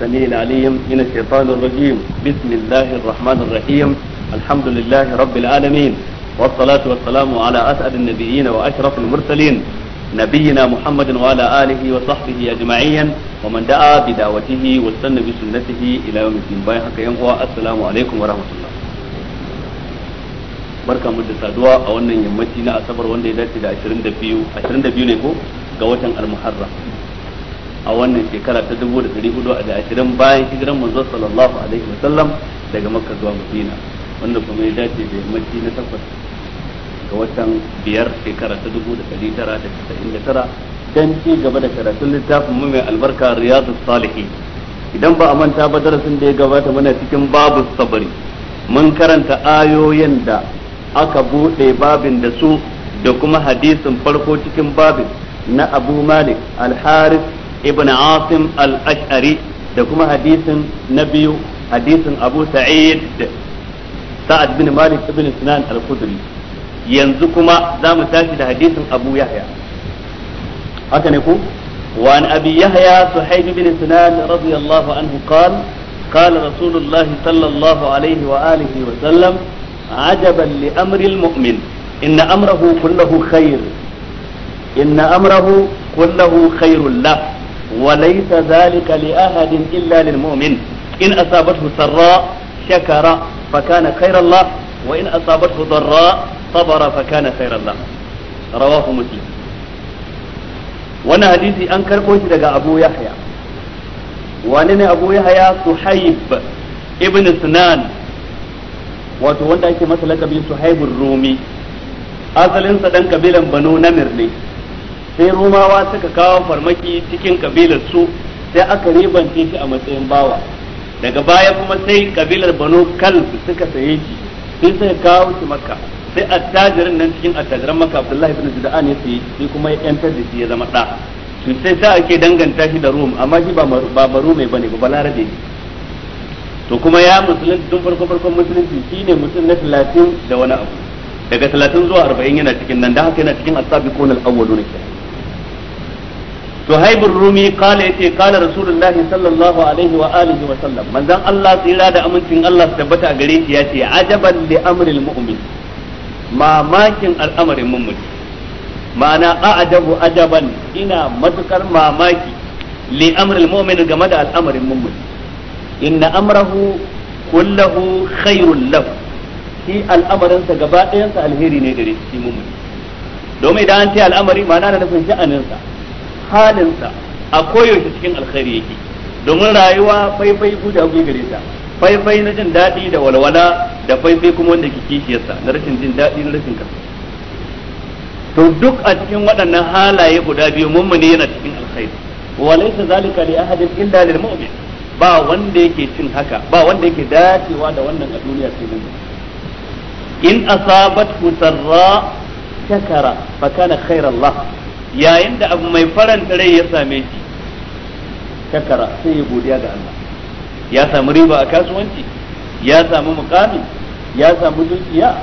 السميع العليم من الشيطان الرجيم بسم الله الرحمن الرحيم الحمد لله رب العالمين والصلاة والسلام على أسعد النبيين وأشرف المرسلين نبينا محمد وعلى آله وصحبه أجمعين ومن دعا بدعوته واستنى بسنته إلى يوم الدين باي حكا ينقوى السلام عليكم ورحمة الله barka mu da saduwa a wannan yammaci na asabar wanda ya dace da 22 22 ne ko ga watan al-muharram a wannan shekara ta dubu da da dari hudu a ashirin bayan hijiran manzo sallallahu alaihi wa sallam daga makka zuwa madina wanda kuma ya dace da yammaci na takwas ga watan biyar shekara ta dubu da da dari tara tara dan ci gaba da karatun littafin mu mai albarka riyadu salihin idan ba a manta ba darasin da ya gabata muna cikin babu sabari mun karanta ayoyin da aka buɗe babin da su da kuma hadisin farko cikin babin na abu malik al-harith ibn asim al-ash'ari da kuma hadisin na biyu hadisin abu sa'id sa'ad bin malik ibn sinan al-khudri yanzu kuma zamu mu tashi da hadisin abu yahya haka ne ku وعن أبي يحيى صحيح بن سنان رضي الله عنه قال قال رسول الله صلى الله عليه وآله وسلم عجبا لأمر المؤمن إن أمره كله خير إن أمره كله خير له وليس ذلك لأحد إلا للمؤمن إن أصابته سراء شكر فكان خير الله وإن أصابته ضراء صبر فكان خير الله رواه مسلم وانا حديثي أنكر كوشي لقى أبو يحيى وانا أبو يحيى صحيب ابن سنان wato wanda ake masa lakabi suhaibur rumi asalinsa dan kabilan banu namir ne sai rumawa suka kawo farmaki cikin kabilar su sai aka ribance shi a matsayin bawa daga baya kuma sai kabilar banu kalb suka saye shi sai suka kawo shi makka sai attajirin nan cikin attajiran makka abdullahi ibn juda'an ya saye shi kuma ya yantar da shi ya zama da to sai sai ake danganta shi da rum amma shi ba ba baro mai bane ba balarabe to kuma ya musulunci tun farko farkon musulunci shine mutum na 30 da wani abu daga 30 zuwa 40 yana cikin nan da haka yana cikin asabiqun al-awwalun kenan suhaib rumi kala yace kala rasulullah sallallahu alaihi wa alihi wa sallam manzon Allah tsira da amincin Allah su tabbata a gare shi yace ajaban li amril mu'min mamakin al'amarin mu'min ma'ana a'jabu ajaban ina matukar mamaki li amril mu'min game da al'amarin mu'min inna amrahu kullahu khairul lahu al'amarin sa gaba sa alheri ne gare shi mu'min domin idan an ce al'amari ma na nufin sha'aninsa halinsa a koyaushe cikin alkhairi yake domin rayuwa faifai guda biyu gare ta faifai na jin daɗi da walwala da faifai kuma wanda ke kishiyarsa na rashin jin daɗi na rashin kasa to duk a cikin waɗannan halaye guda biyu mummune yana cikin alkhairi walaysa zalika li ahadin illa lil mu'min ba wanda yake cin haka ba wanda yake dacewa da wannan a duniya sai mun in asabat sarra shakara fa kana khairallah yayin da abu mai faranta rai ya same shi takara, sai ya godiya ga Allah ya samu riba a kasuwanci ya samu mukami ya samu dukiya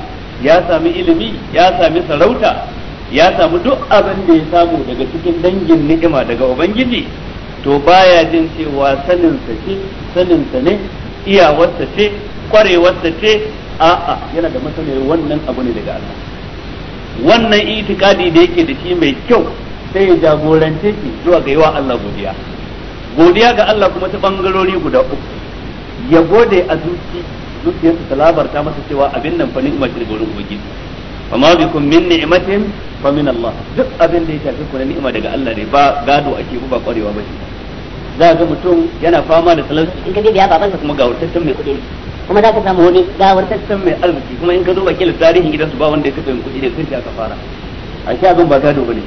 ya sami ilimi ya sami sarauta ya samu duk abin da ya samu daga cikin dangin ni'ima daga ubangiji to baya jin cewa saninsa ce saninsa ne iyawarsa ce kwarewarsa ce a'a yana da masaniyar wannan abu ne daga Allah wannan itikadi da yake da shi mai kyau sai ya jagorance shi zuwa ga yawa Allah godiya godiya ga Allah kuma ta bangarori guda uku ya gode a zuci zuciyarsa ta labarta masa cewa abin nan fa ni'imar ta gurin ubangiji fa ma bikum min ni'matin fa min Allah duk abin da ya shafi ku na ni'ima daga Allah ne ba gado ake ba kwarewa ba za ga mutum yana fama da talauci in ka biya babansa kuma ga wurtaccen mai kudi kuma za ka samu wani gawar tattan mai arziki kuma in ka zo wakil tarihin gidansu ba wanda ya kafa yin kuɗi ne sun aka fara a sha zan ba dogo ne.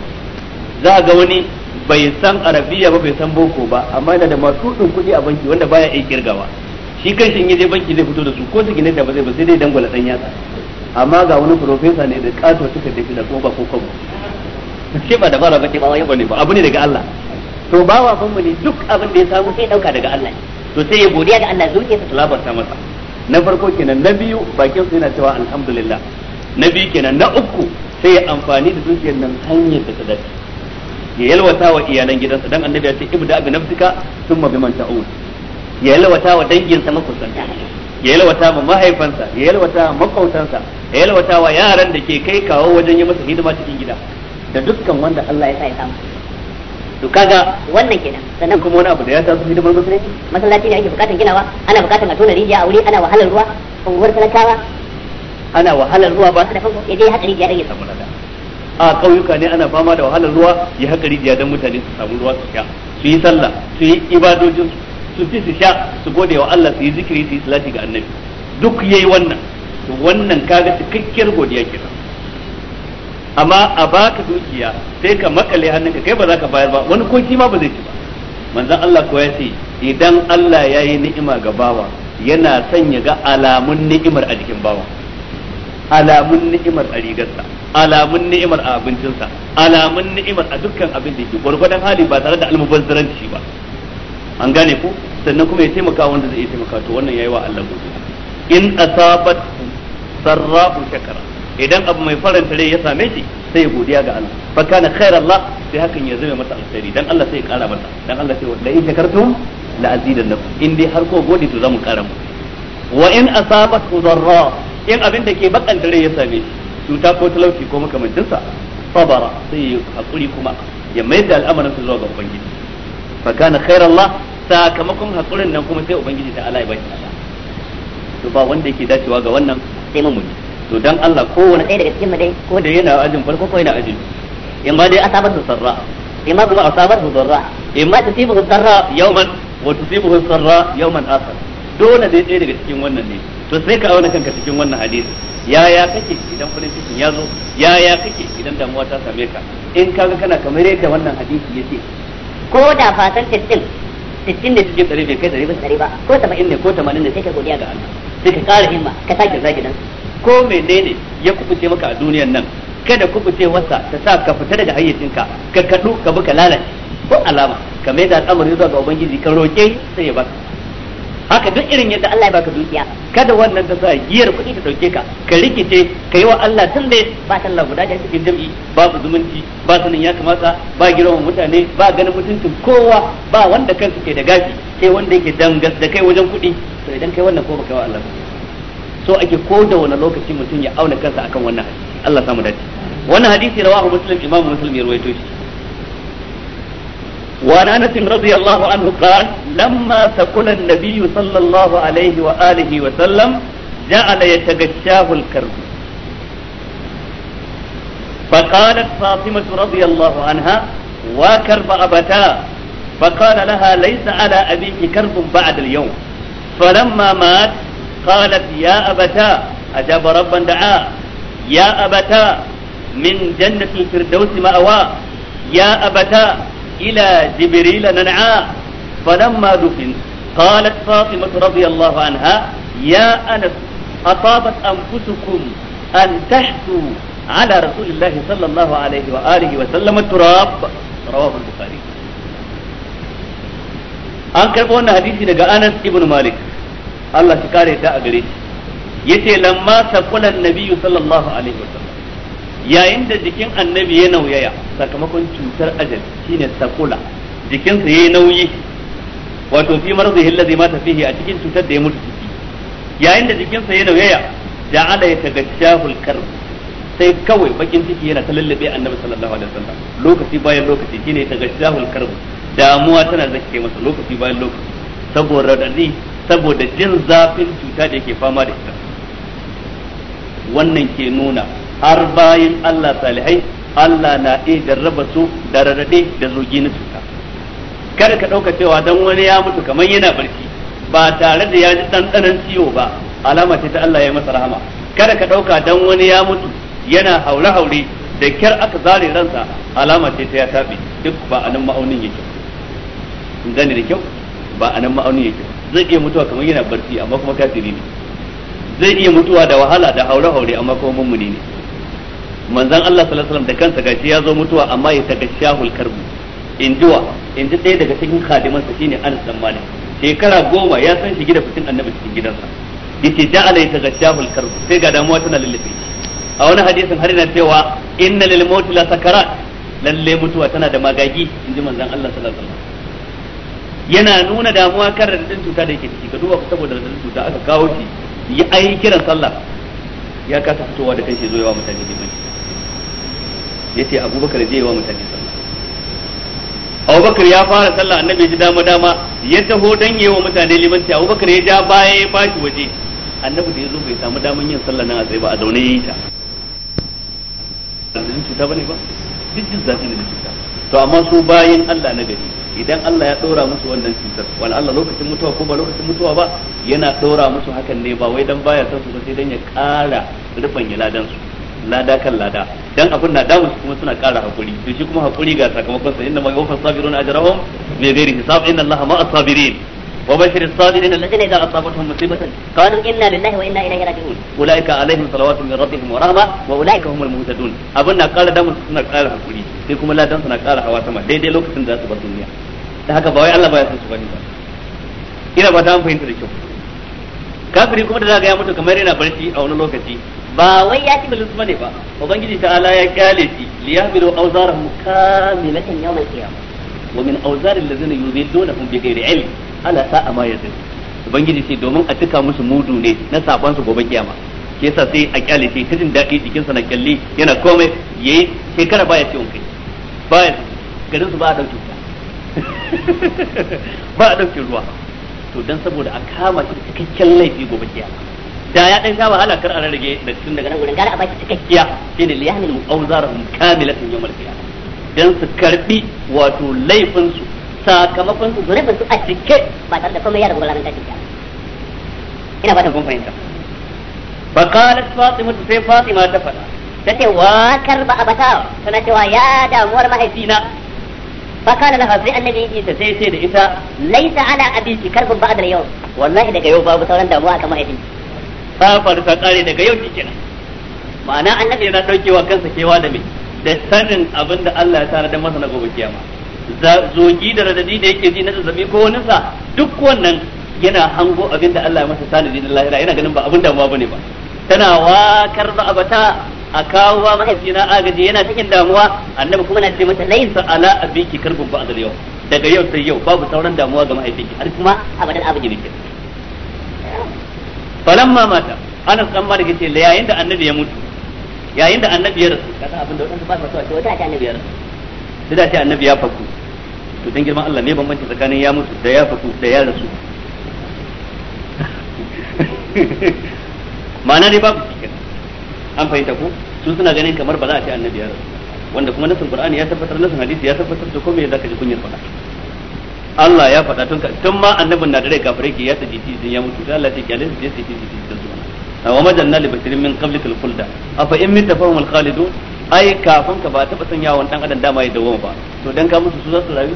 za a ga wani bai san arabiya ba bai san boko ba amma yana da masu ɗin kuɗi a banki wanda baya iya kirgawa shi kan shi je banki zai fito da su ko gine da ba zai ba sai dai dangwala dan yatsa amma ga wani profesa ne da ƙato suka tafi da kuma ba ko kwabo ke ba fara ba ke ba wani bane ba abu ne daga Allah to bawa wa ne duk abin da ya samu sai dauka daga Allah to sai ya godiya ga Allah zuciyarsa ta labarta masa na farko kenan na biyu bakin su yana cewa alhamdulillah na biyu kenan na uku sai ya amfani da dukiyar nan hanyar da ta dace ya yalwata wa iyalan gidansa dan annabi ya ce ibda bi nafsika thumma mafi manta ta'ud ya yalwata wa danginsa makusanta ya yalwata ma mahaifansa ya yalwata makautansa ya yalwata wa yaran da ke kai kawo wajen yi masa hidima cikin gida da dukkan wanda Allah ya sa ya samu to kaga wannan kenan sannan kuma wani abu da ya tafi hidimar musulunci masallaci ne ake bukatar ginawa ana bukatar a tona rijiya a wuri ana wahalar ruwa unguwar talakawa ana wahalar ruwa ba su da fanko idan ya haƙa rijiya ɗage samu lada a kauyuka ne ana fama da wahalar ruwa ya haka rijiya don mutane su samu ruwa su sha su yi sallah su yi ibadojin su ci su sha su gode wa Allah su yi zikiri su yi salati ga annabi duk yayi wannan to wannan kaga cikakkiyar godiya kenan amma a baka dukiya sai ka makale hannunka kai ba za ka bayar ba wani ko ma ba zai ci ba manzon Allah ko ya ce idan Allah ya yi ni'ima ga bawa yana sanya ya ga alamun ni'imar a jikin bawa alamun ni'imar a rigarsa alamun ni'imar a abincinsa alamun ni'imar a dukkan abin da yake gwargwadon hali ba tare da almubazzaranci ba an gane ku sannan kuma ya taimaka wanda zai taimaka to wannan yayi wa Allah godiya in asabat sarra'u shakara idan abu mai faranta rai ya same shi sai ya godiya ga Allah fa kana khairan sai hakan ya zama masa alkhairi dan Allah sai ya kara masa dan Allah sai la in shakartum la azidannakum in dai har ko gode to zamu kara mu wa in asabat udarra in abin da ke bakan rai ya same shi cuta ko talauci ko makamancin sa sabara sai ya hakuri kuma ya mai da al'amarin zuwa ga ubangiji fa kana khairan la sakamakon hakurin nan kuma sai ubangiji ta Allah ya baki to ba wanda yake dacewa ga wannan sai mu to dan Allah wani ɗaya daga cikin mu dai ko da yana ajin farko ko yana ajin in ma dai asabatu sarra in ma kuma asabatu darra in ma tusibu sarra yawman wa tusibu sarra yawman asar. dole dai ɗaya daga cikin wannan ne to sai ka auna kanka cikin wannan hadisi yaya kake idan farin cikin ya zo yaya kake idan damuwa ta same ka in kaga kana kamar yadda wannan hadisi yake. ko da fatan sittin sittin da cikin ɗari bai kai ɗari ba ɗari ba ko saba'in ne ko tamanin ne sai ka godiya ga Allah sai ka ƙara himma ka sake zagi dan ko menene ya kubuce maka a duniyar nan kada kubuce wasa ta sa ka fita daga hayyacinka ka kadu ka buka lalace ko alama ka mai da al'amari zuwa ga ubangiji ka roke sai ya baka haka duk irin yadda Allah ya baka dukiya kada wannan ta sa giyar kuɗi ta dauke ka ka rikice ka yi wa Allah tunde ba Allah guda da cikin jam'i babu zumunci ba sanin ya kamata ba girman mutane ba ganin mutuncin kowa ba wanda kansu ke da gashi sai wanda yake dangas da kai wajen kuɗi to idan kai wannan ko baka wa Allah ba so ake ko da wani lokaci mutum ya auna kansa akan wannan hadisi Allah samu dace wannan hadisi rawahu muslim imamu muslim ya ruwaito shi wa anas radiya Allahu anhu qala lamma saqala an-nabiy sallallahu alayhi wa alihi wa sallam ja'ala yatagashahu al-karb فقالت فاطمة رضي الله عنها وكرب أبتا فقال لها ليس على أبيك كرب yau اليوم فلما مات قالت يا أبتا أجاب ربا دعا يا أبتا من جنة الفردوس مأوى يا أبتا إلى جبريل ننعى فلما دفن قالت فاطمة رضي الله عنها يا أنس أطابت أنفسكم أن تحثوا على رسول الله صلى الله عليه وآله وسلم التراب رواه البخاري أنكر أن حديثي لقى أنس Anas مالك Allah shi kare ta a gare shi yace lamma saqulan nabiyyu sallallahu alaihi wasallam yayin da jikin annabi ya nauyaya sakamakon cutar ajal shine sakula jikinsa yayi nauyi wato fi marzihi allazi mata fihi a cikin cutar da ya mutu ciki yayin da jikinsa ya nauyaya ja'ala ya tagashahul karb sai kawai bakin ciki yana ta lallabe annabi sallallahu alaihi wasallam lokaci bayan lokaci shine tagashahul karb damuwa tana zake masa lokaci bayan lokaci saboda radadi saboda jin zafin cuta da yake fama da ita wannan ke nuna har bayan Allah salihai Allah na iya jarraba su da raɗaɗe da zogi na cuta kada ka ɗauka cewa dan wani ya mutu kamar yana barci ba tare da ya ji ɗanɗanon ciwo ba alama ce ta Allah ya masa rahama kada ka ɗauka dan wani ya mutu yana haure-haure da kyar aka zare ransa alama ce ta ya taɓe duk ba a nan ma'aunin yake gani da kyau ba a nan ma'aunin yake zai iya mutuwa kamar yana barci amma kuma kafiri ne zai iya mutuwa da wahala da haure haure amma kuma mummuni ne manzon Allah sallallahu alaihi wasallam da kansa gashi ya zo mutuwa amma ya taka shahul karbu injiwa inji ɗaya daga cikin kadiman sa shine Anas dan Malik shekara goma ya san shi gida fitin annabi cikin gidansa yace da alai taka shahul karbu sai ga damuwa tana lullufe a wani hadisin har yana cewa inna lil mauti la sakarat lalle mutuwa tana da magagi inji manzon Allah sallallahu alaihi wasallam yana nuna damuwa kan radadin cuta da yake ciki ka duba saboda radadin cuta aka kawo shi ya ai kiran sallah ya kasa fitowa da kanshi zo yawa mutane ya yace abubakar zai yawa mutane sallah abubakar ya fara sallah annabi ji dama dama ya taho dan yawa mutane liman abubakar ya ja baya ya bashi waje annabi da ya zo bai samu daman yin sallah nan a tsaye ba a zaune yayi ta radadin cuta bane ba duk jin zafi ne da cuta to amma su bayan Allah na gari idan Allah ya dora musu wannan cutar wani Allah lokacin mutuwa ko ba lokacin mutuwa ba yana dora musu hakan ne ba wai dan baya san su ba sai dan ya ƙara ya ladan su lada kan lada dan abin na damu kuma suna ƙara hakuri to shi kuma hakuri ga sakamakon sa inna ma yuwaffa sabiruna ajrahum bi ghairi hisab inna Allaha ma'as sabirin وبشر الصابرين الذين اذا اصابتهم مصيبه قالوا انا لله وانا اليه راجعون اولئك عليهم صلوات من ربهم ورحمه واولئك هم المهتدون ابنا قال دم سنا قال hakuri sai kuma ladan suna ƙara hawa sama daidai lokacin da za su bar duniya da haka ba wai Allah baya son su bane ba ina ba ta an fahimta da kyau kuma da za ga ya mutu kamar yana barci a wani lokaci ba wai ya ci bilis bane ba ya kyale shi liyahmilu awzarahum min ala a ma yazin ubangiji ce domin a cika musu mudu ne na sabon su gobe kiyama ke sa sai a kyale sai ta jin daɗi jikin sa na kyalle yana komai yayi shekara baya ciwon kai baya garin su ba a dauke ba a dauke ruwa to dan saboda a kama shi cikakken laifi gobe kiyama da ya dan sha wahala kar a rage da tun daga nan gurin gara a baki cikakkiya shine liyanil mu'awzarahum kamilatan yawmal qiyamah dan su karbi wato laifin su sakamakon zunubin su a cike ba tare da komai ya rabu ranar tashin kiyama ina ba ta kun fahimta Ba qalat fatima sai fatima ta fada tace wa karba bata tana cewa ya damuwar mahaifina ba kala na hafi annabi yi ta sai sai da ita laisa ala abiki karbun da yau wallahi daga yau babu sauran damuwa akan mahaifin ta faru ta kare daga yau cikin ma'ana annabi yana daukewa kansa kewa da mai da sanin abin da Allah ya tare da masa na gobe kiyama zogi da radadi da yake ji na zazzabi ko wani sa duk wannan yana hango abin da Allah ya masa tanadi na lahira yana ganin ba abin damuwa bane ba tana wakar da abata a kawo wa mahaifina agaji yana cikin damuwa annabi kuma na ce mata laisa ala abiki karbun ba azal yau daga yau sai yau babu sauran damuwa ga mahaifinki har kuma abadan abin yake falamma mata Anas dan Malik da la yayin da annabi ya mutu yayin da annabi ya rasu kaga abin da wadanda ba su so a ce wata annabi ya rasu da ta annabi ya faku to dan girman Allah ne bambanci tsakanin ya mutu da ya faku da ya rasu ma'ana ne babu cikin an fahimta ko su suna ganin kamar ba za a ce annabi ya rasu wanda kuma nasin qur'ani ya tabbatar nasin hadisi ya tabbatar da komai zaka ji kunyar faɗa Allah ya faɗa tun tun ma annabin na da rai kafirai ke ya ta ya mutu da Allah ta kyale su je su zuwa wa majanna li basirin min qablikal khulda afa in mita khalidun ai kafin ka ba taba sanya wani dan adam dama ya dawoma ba to dan ka musu su za su rayu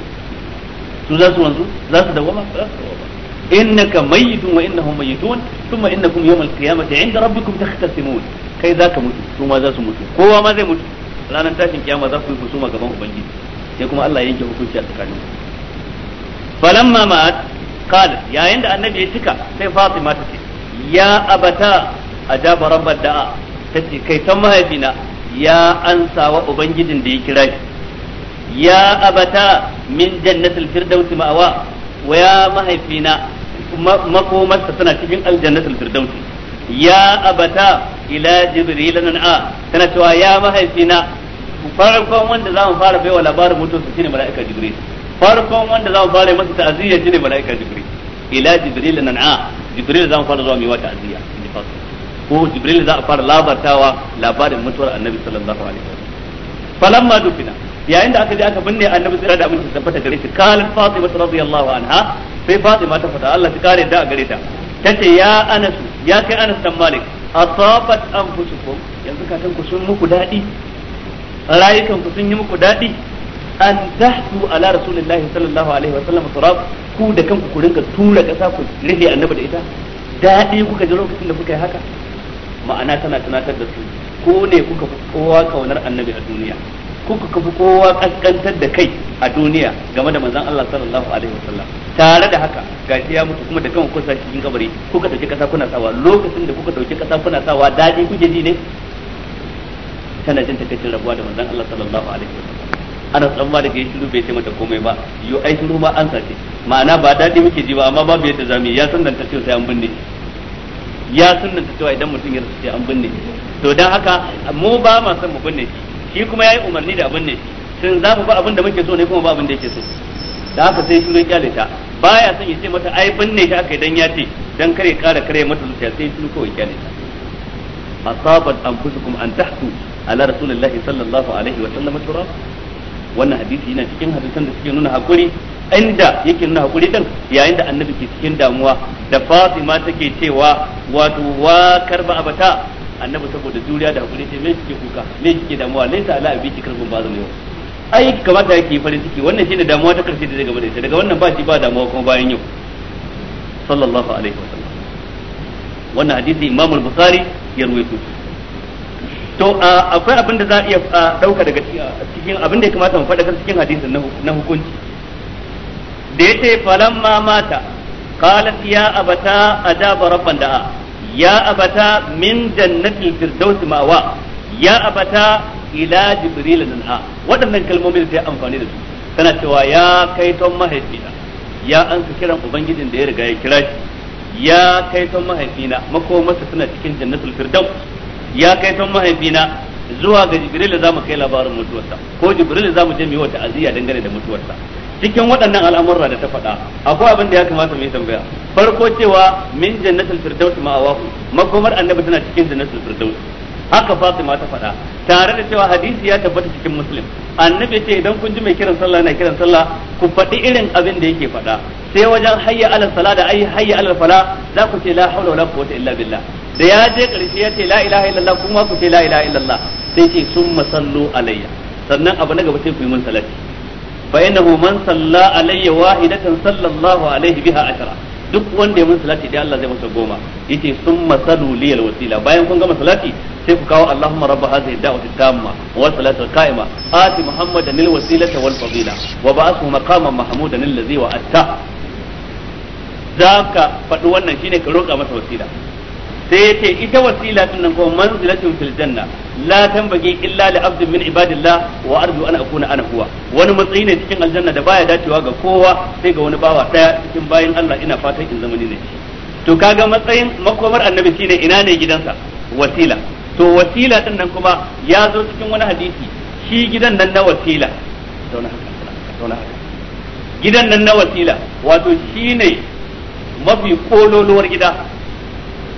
su za su wanzu za su dawoma ba za su dawoma innaka mayyitun wa innahum mayyitun thumma innakum yawmal qiyamati 'inda rabbikum takhtasimun kai za ka mutu su ma za su mutu kowa ma zai mutu ranar tashin kiyama za ku yi kusuma gaban ubangiji sai kuma Allah ya yanke hukunci a tsakanin falamma ma'at qala yayin da annabi ya cika sai Fatima ta ce ya abata ajaba rabbad da'a tace kai san mahaifina ya ansa wa ubangijin da ya kira shi ya abata min jannatul firdaus ma'awa wa ya mahaifina makomarsa tana cikin aljannatul firdaus ya abata ila jibril nan'a tana cewa ya mahaifina farkon wanda za mu fara baiwa labarin mutuwarsa shine mala'ika jibril farkon wanda za mu fara masa ta'aziyya shine mala'ika jibril ila jibril nan'a jibril za mu fara zuwa mai wa ta'aziyya ko jibril za a fara labartawa labarin mutuwar annabi sallallahu alaihi wasallam falamma dufina yayin da aka je aka binne annabi sai da aminci tabbata gare shi kalan fatima radiyallahu anha sai fatima ta fada Allah ta kare da gare ta tace ya anasu ya kai anas dan malik asabat anfusukum yanzu ka ku sun muku dadi rayukan ku sun yi muku dadi an tahtu ala rasulillahi sallallahu alaihi wasallam turab ku da kanku ku rinka tura kasa ku rufe annabi da ita dadi kuka ji lokacin da kuka yi haka ma'ana tana tunatar da su ko ne kuka fi kowa kaunar annabi a duniya kuka kafi kowa kaskantar da kai a duniya game da manzon Allah sallallahu alaihi wasallam tare da haka gashi ya mutu kuma da kan kusa cikin kabari kuka dauki kasa kuna sawa lokacin da kuka dauki kasa kuna sawa dadi kuke ji ne tana jin takaicin rabuwa da manzon Allah sallallahu alaihi wasallam ana tsamma da yayin shiru bai ce mata komai ba yo ai shiru ma an sace ma'ana ba dadi muke ji ba amma babu yadda zamu ya san dan ta ce sai an binne ya sunnanta cewa idan mutum ya rasu sai an binne to dan haka mu ba ma son mu binne shi kuma yayi umarni da binne tun za mu ba abin da muke so ne kuma ba abin da yake so da haka sai shugaban kyale ta baya son ya ce mata ai binne shi aka idan ya ce dan kare kara kare mata zuciya sai shi kawai kyale ta asabat anfusukum an tahtu ala rasulillahi sallallahu alaihi wa sallam turab wannan hadisi yana cikin hadisan da suke nuna hakuri inda yake nuna hakuri din yayin da annabi ke cikin damuwa da Fatima take cewa wato wa karba abata annabi saboda juriya da hakuri ce me kike kuka me kike damuwa laisa ala abiki karbun ba zama yau ai kamata yake farin ciki wannan shine damuwa ta karshe da zai gaba da ita daga wannan ba shi ba damuwa kuma bayan yau sallallahu alaihi wasallam wannan hadisi imamul bukhari ya ruwaito to akwai abin da za a iya dauka daga cikin abin da ya kamata mu faɗa cikin hadisin na hukunci da yace falamma mata qalat ya abata adaba rabban da'a ya abata min jannatil firdaus mawa ya abata ila jibril nanha waɗannan kalmomin yi amfani da su tana cewa ya kai ton mahaifina ya an ka kiran ubangijin da ya riga ya kira shi ya kai ton mahaifina makomarsa suna cikin jannatul firdaus ya kai ton mahaifina zuwa ga jibril za mu kai labarin mutuwarsa ko jibril za mu je mu yi wa ta'aziyya dangane da mutuwarsa cikin waɗannan al'amurra da ta faɗa akwai abin da ya kamata mu yi tambaya farko cewa min jannatul firdaus awahu makomar annabi tana cikin jannatul firdaus haka Fatima ta faɗa tare da cewa hadisi ya tabbata cikin Muslim annabi ce idan kun ji mai kiran sallah na kiran sallah ku faɗi irin abin da yake faɗa sai wajen hayya alal sala da ai hayya alal fala za ku ce la haula wala quwwata illa billah da ya je karshe ya ce la ilaha illallah kuma ku ce la ilaha illallah sai ce summa sallu alayya sannan abu na gaba sai ku yi mun salati fa innahu man salla alayya wahidatan sallallahu alaihi biha ashara duk wanda ya mun salati dai Allah zai masa goma yace summa sallu liyal wasila bayan kun gama salati sai ku kawo Allahumma rabb hadhihi da'wati tamma wa salatul qa'ima ati muhammadan lil wasilata wal fadila wa ba'athu maqaman mahmudan allazi wa atta za ka faɗi wannan shine ka roƙa masa wasila sai ya ce ita wasila din nan kuma manzilatin fil janna la tambage illa li abdin min ibadillah wa arju an akuna ana huwa wani matsayi ne cikin aljanna da baya dacewa ga kowa sai ga wani bawa daya cikin bayin Allah ina fatan in zama ni ne to kaga matsayin makomar annabi shine ina ne gidansa wasila to wasila din nan kuma ya zo cikin wani hadisi shi gidan nan na wasila gidan nan na wasila wato shine mafi kololuwar gida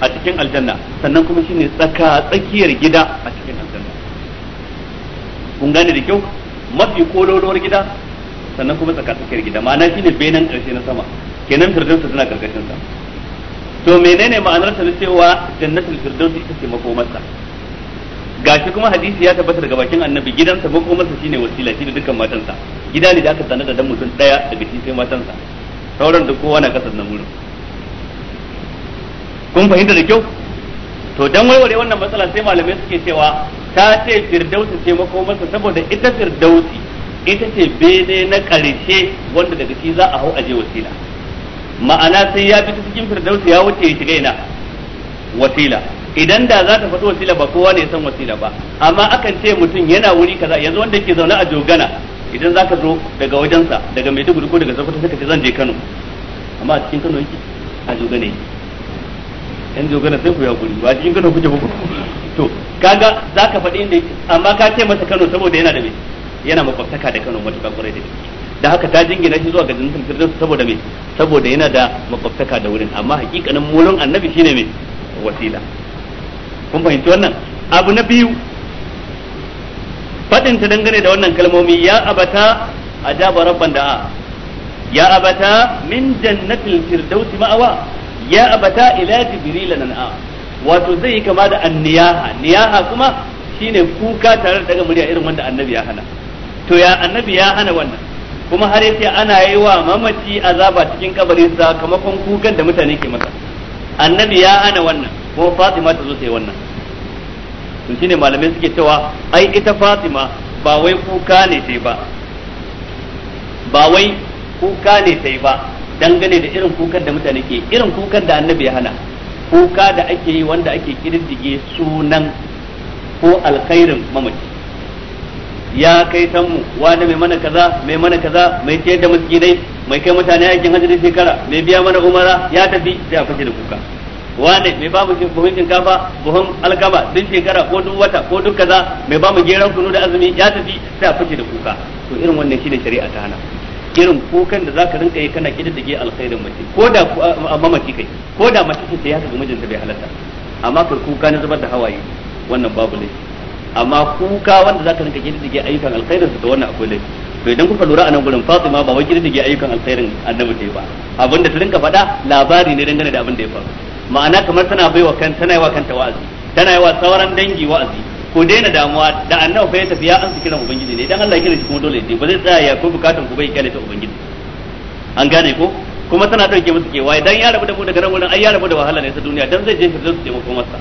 a cikin aljanna sannan kuma shine tsaka tsakiyar gida a cikin aljanna kun gane da kyau mafi kololuwar gida sannan kuma tsaka tsakiyar gida ma'ana shine benan karshe na sama kenan firdausa tana karkashin sa to menene ma'anar ta cewa jannatul firdausi ita ce makomarsa gashi kuma hadisi ya tabbata daga bakin annabi gidansa makomarsa shine wasila shine dukkan matansa gida ne da aka sanar da dan mutum daya daga cikin matansa sauran da kowa na kasar nan kun fahimta da kyau to dan warware wannan matsala sai malamai suke cewa ta ce firdausi ce masa saboda ita firdausi ita ce bene na karshe wanda daga shi za a hau aje wasila ma'ana sai ya fita cikin firdausi ya wuce ya shiga wasila idan da za ta faɗi wasila ba kowa ne ya san wasila ba amma akan ce mutum yana wuri kaza yanzu wanda yake zaune a jogana idan za ka zo daga wajensa daga maiduguri ko daga sokoto sai ka ce zan je kano amma a cikin kano yake a jogana yake yan gana sai ku ya guri ba cikin Kano kuke ba to kaga zaka faɗi inda amma ka ce masa Kano saboda yana da me yana makwabtaka da Kano matuƙa kwarai da gaske da haka ta jingina shi zuwa ga jannatul firdaus saboda me saboda yana da makwabtaka da wurin amma hakikanin mulun annabi shine me wasila kun fahimci wannan abu na biyu fadin ta dangane da wannan kalmomi ya abata ajaba rabban da'a ya abata min jannatil firdausi ma'awa ya abata ila jibril a wato zai yi kama da anniyaha niyaha kuma shine kuka tare da daga murya irin wanda annabi ya hana to ya annabi ya hana wannan kuma har yace ana yi wa mamaci azaba cikin kabarin kamakon kukan da mutane ke masa annabi ya hana wannan kuma fatima ta zo ta yi wannan to shine malamai suke cewa ai ita fatima ba wai kuka ne sai ba ba wai kuka ne sai ba dangane da irin kukar da mutane ke irin kukar da annabi ya hana kuka da ake yi wanda ake kididdige sunan ko alkhairin mamaci ya kai mu wani mai mana kaza mai mana kaza mai ce da miskinai mai kai mutane aikin hajji shekara mai biya mana umara ya tafi sai a fice da kuka wane mai ba mu buhun shinkafa buhun alkama duk shekara ko duk wata ko duk kaza mai ba mu geran kunu da azumi ya tafi sai a fice da kuka to irin wannan shine shari'a ta hana irin kukan da zaka rinka yi kana kididdige alkhairin mace ko da amma mace kai ko da mace ce sai yaka ga mijinta bai halatta amma kar kuka na zubar da hawaye wannan babu laifi amma kuka wanda zaka rinka kididdige ayyukan alkhairin da wannan akwai laifi to idan kuka lura a nan gurin Fatima ba wai kididdige ayyukan alkhairin annabi ta yi ba abinda ta rinka faɗa labari ne dangane da abin da ya faru ma'ana kamar tana baiwa kan tana yi wa kanta wa'azi tana yi wa sauran dangi wa'azi ku daina damuwa da annabi fa ya tafi ya ansa kiran ubangiji ne dan Allah ya kira shi kuma dole ne ba zai tsaya ya ko bukatun ku bai kyale ta ubangiji an gane ko kuma tana dauke musu kewa dan ya rabu da mu daga nan wurin ai ya rabu da wahala ne ta duniya dan zai je firdaus taimako masa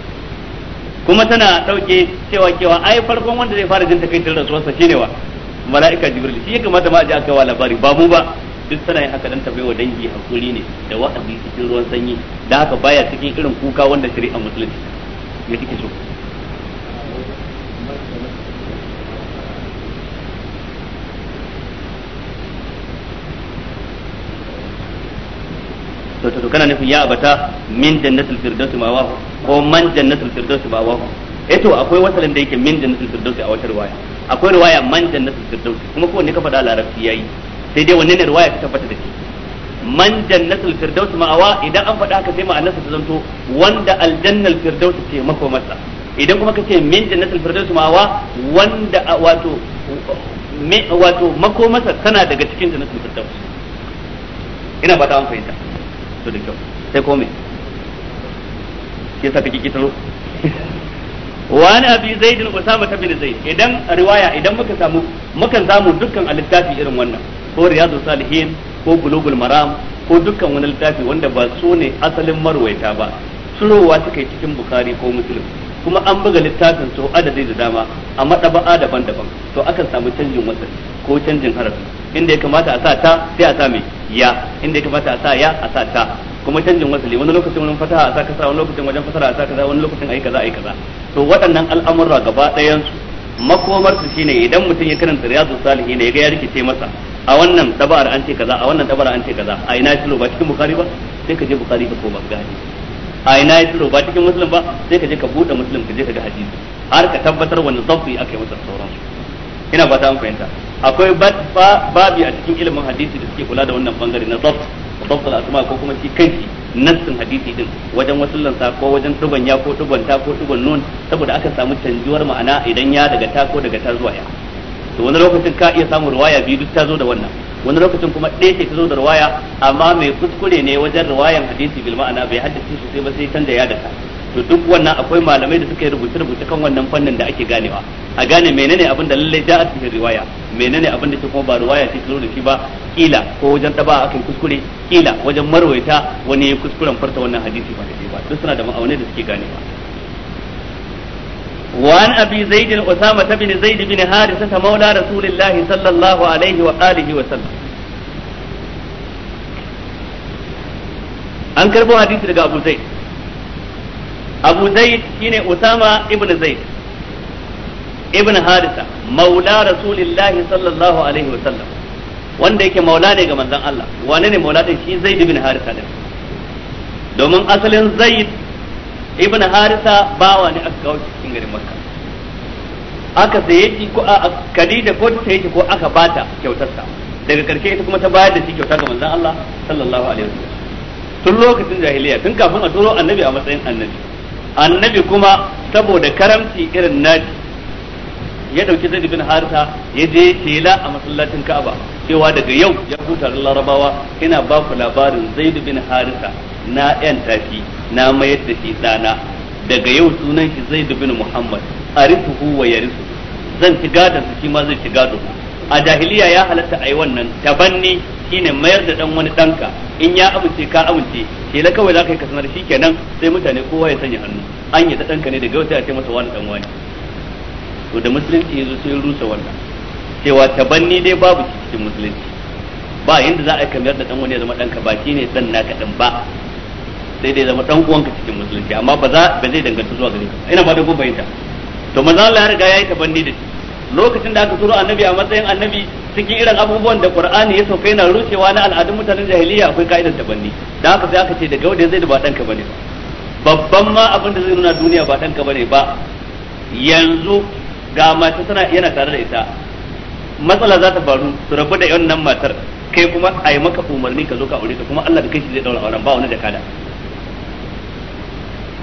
kuma tana dauke cewa cewa ai farkon wanda zai fara jin takaitin rasuwarsa shine wa mala'ika jibril shi ya kamata ma a ji aka wa labari ba mu ba duk tana yin haka dan ta baiwa dangi hakuri ne da wa'azi cikin ruwan sanyi da haka baya cikin irin kuka wanda shari'a musulunci ya kike so to kana nufin ya abata min jannatul firdaus wa ko man jannatul firdaus wa eh to akwai wasalin da yake min jannatul firdaus a wata riwaya akwai riwaya man jannatul firdaus kuma kowanne ka faɗa larabci yayi sai dai wannan ne riwaya ta tabbata da shi man jannatul firdaus wa idan an faɗa ka sai ma'anarsa ta zanto wanda aljannal firdaus mako masa idan kuma kace min jannatul firdaus wa wanda wato wato masa tana daga cikin jannatul firdaus ina ba ta an fahimta fito da kyau sai ko me ke sa kake kitaro wani abi zaidin usama ta bin zaid idan riwaya idan muka samu mukan samu dukkan alittafi irin wannan ko riyadu salihin ko bulugul maram ko dukkan wani littafi wanda ba su ne asalin marwaita ba surowa suka yi cikin bukhari ko muslim kuma an buga littafin so adadi da dama a maɗaba'a daban-daban to akan samu canjin wasa ko canjin harafi inda ya kamata a sa ta sai a sa mai ya inda ya kamata a sa ya a sa ta kuma canjin wasali wani lokacin wani fasaha a sa kasa wani lokacin wajen fasara a sa kaza wani lokacin ayi kaza ayi kaza to waɗannan al'amurra gaba ɗayan su makomar su shine idan mutum ya karanta riyadu salihin ya ga ya rikice masa a wannan dabara an ce kaza a wannan dabara an ce kaza a ina shi ba cikin bukhari ba sai ka je bukhari ka koma ga hadisi a ina shi ba cikin musulun ba sai ka je ka bude musulun ka je ka ga hadisi har ka tabbatar wani zafi aka yi masa sauransu ina ba ta an fahimta akwai babi a cikin ilimin hadisi da suke kula da wannan bangare na zabt zabt da asma ko kuma shi kanki nassin hadisi din wajen wasullansa ko wajen duban ya ko duban ta ko duban nun saboda aka samu canjuwar ma'ana idan ya daga ta ko daga ta zuwa ya to wani lokacin ka iya samun riwaya biyu duk ta zo da wannan wani lokacin kuma ɗaya ce ta zo da riwaya amma mai kuskure ne wajen riwayan hadisi bil ma'ana bai haddace sosai ba sai canza ya da to duk wannan akwai malamai da suka yi rubuce rubuce kan wannan fannin da ake ganewa a gane menene abin da lalle da ake riwaya menene abin da ke kuma ba riwaya ce kiro da shi ba kila ko wajen daba akan kuskure kila wajen marwaita wani kuskuren farta wannan hadisi ba daidai ba duk suna da ma'aunai da suke ganewa وعن أبي زيد أسامة بن زيد بن حارثة مولى رسول الله صلى الله عليه وآله وسلم an karbo حديث daga Abu زيد abu zaid shine usama ibn zaid ibn harisa maula rasulillahi sallallahu alaihi wa sallam wanda yake maula ne ga manzon Allah wane ne maula din shi zaid ibn harisa din domin asalin zaid ibn harisa bawa ne aka kawo cikin garin makka aka saye shi ko a Khadija ko ta saye shi ko aka bata kyautarsa daga karshe ita kuma ta bayar da shi kyautar ga manzon Allah sallallahu alaihi wa sallam tun lokacin jahiliya tun kafin a turo annabi a matsayin annabi annabi kuma saboda karamci irin naci ya dauki zaid bin harisa ya je tela a masallacin ka'aba cewa daga yau ya huta da larabawa ina ba ku labarin zaid bin harisa na yan tafi na mayar da shi dana daga yau sunan shi zaid bin muhammad arifuhu wa yarisu zan ci gadon shi ma zai ci gado a jahiliya ya halatta a yi wannan tabanni shine mayar da dan wani danka in ya amince ka amince shi la kawai zaka yi ka sanar kenan sai mutane kowa ya sanya hannu an yi da danka ne daga wata a ce masa wani dan wani to da musulunci yazo sai rusa wannan cewa tabanni dai babu cikin musulunci ba yanda za a yi kamar da dan wani ya zama danka ba shine dan naka din ba sai dai zama dan uwanka cikin musulunci amma ba za ba zai danganta zuwa gare ka ina ba da gobe ta to manzo Allah ya riga yayi tabanni da shi lokacin da aka turo annabi a matsayin annabi cikin irin abubuwan da qur'ani ya sauka yana rushewa na al'adun mutanen jahiliya akwai ka'idar tabanni da haka sai aka ce daga wanda zai da ba danka bane ba babban ma abin da zai nuna duniya ba danka bane ba yanzu ga mace tana yana tare da ita matsala za ta faru su rabu da nan matar kai kuma a yi maka umarni ka zo ka aure ta kuma Allah da kai shi zai daura auren ba wani jakada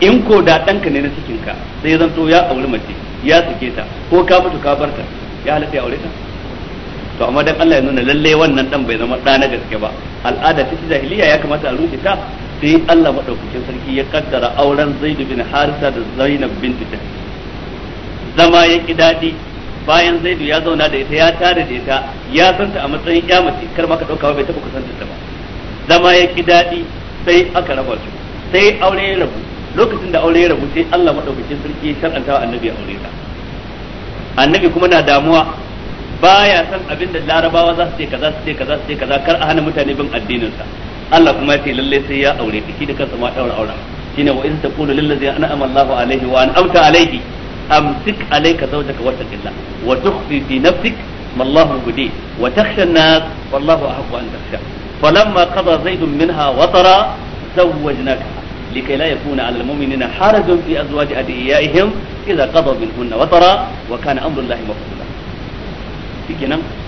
in ko da ɗanka ne na cikinka sai zan to ya auri mace ya sake ta ko ka mutu ka bar ta ya halatta ya aure ta to amma dan Allah ya nuna lalle wannan dan bai zama da na gaske ba al'ada ta jahiliya ya kamata a rufe ta sai Allah madaukakin sarki ya kaddara auren Zaid bin Harisa da Zainab bint Jahsh zama ya ki bayan Zaidu ya zauna da ita ya tare da ita ya santa a matsayin ya mace kar ma ka dauka bai taɓa kusantar ta ba zama ya ki daɗi sai aka raba su sai aure ya rabu lokacin da aure ya rabu sai Allah madaukakin sarki ya shar'anta wa annabi ya aure ta annabi kuma na damuwa baya san abin da larabawa za su ce kaza su ce kaza su ce kaza kar a hana mutane bin addinin sa Allah kuma ya ce lalle sai ya aure ta shi da kansa ma daura aura shine wa in taqulu lil ladzi an'ama Allahu alaihi wa an'amta alaihi amsik alayka zawjaka wattaqillah wa tukhfi fi nafsik ما الله بديه وتخشى الناس والله أحق أن تخشى فلما قضى زيد منها وطرا زوجناكها لكي لا يكون على المؤمنين حرج في أزواج أدعيائهم إذا قضى منهن وترى وكان أمر الله مفعولا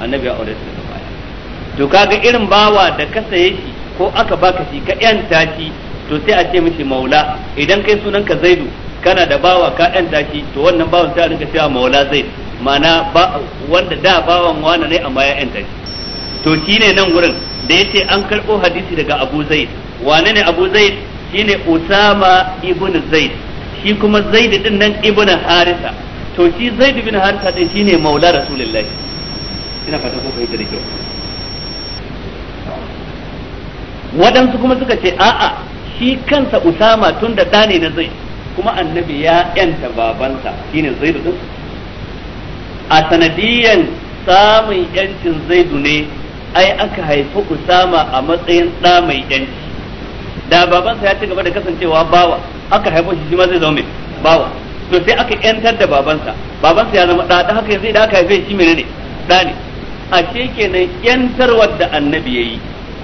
النبي irin bawa da ka saye shi ko aka baka shi ka yanta shi to sai a زيدو idan kai sunan ka kana da bawa maula zaid wanda da bawan wani ne amma ya yanta shi to shine nan gurin da yace an karbo hadisi daga Abu Zaid wane Abu Zaid shine Usama ibn Zaid shi kuma Zaid din nan ibn Harisa to shi Zaid ibn Harisa din shine maula Rasulullahi ina fata ko fahimta da kyau waɗansu kuma suka ce a'a shi kansa Usama tun da ɗa ne na Zaid kuma annabi ya yanta babansa shine Zaid din a sanadiyan samun yancin Zaidu ne ai aka haifi Usama a matsayin ɗa mai yanci da babansa ya ci gaba da kasancewa bawa aka haifo shi shi ma zai zama bawa to sai aka yantar da babansa babansa ya zama da da haka yanzu idan aka haife shi menene da ne ashe kenan yantarwar da annabi ya yi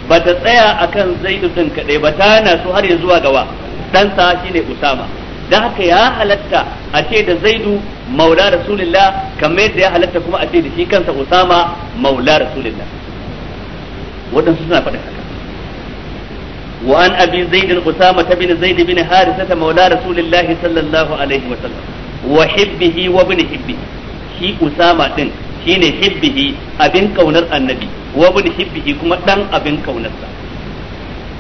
ba ta tsaya akan zaidu din kaɗai ba ta na su har ya zuwa gawa ɗansa shine usama da haka ya halatta a ce da zaidu maula rasulillah kamar yadda ya halatta kuma a ce da shi kansa usama maula rasulillah waɗansu suna faɗin haka وعن أبي زيد أسامة بن زيد بن حارثة مولى رسول الله صلى الله عليه وسلم وحبه وابن حبه شي أسامة دين shine hibbihi abin kaunar annabi wa bin hibbihi kuma dan abin kaunarsa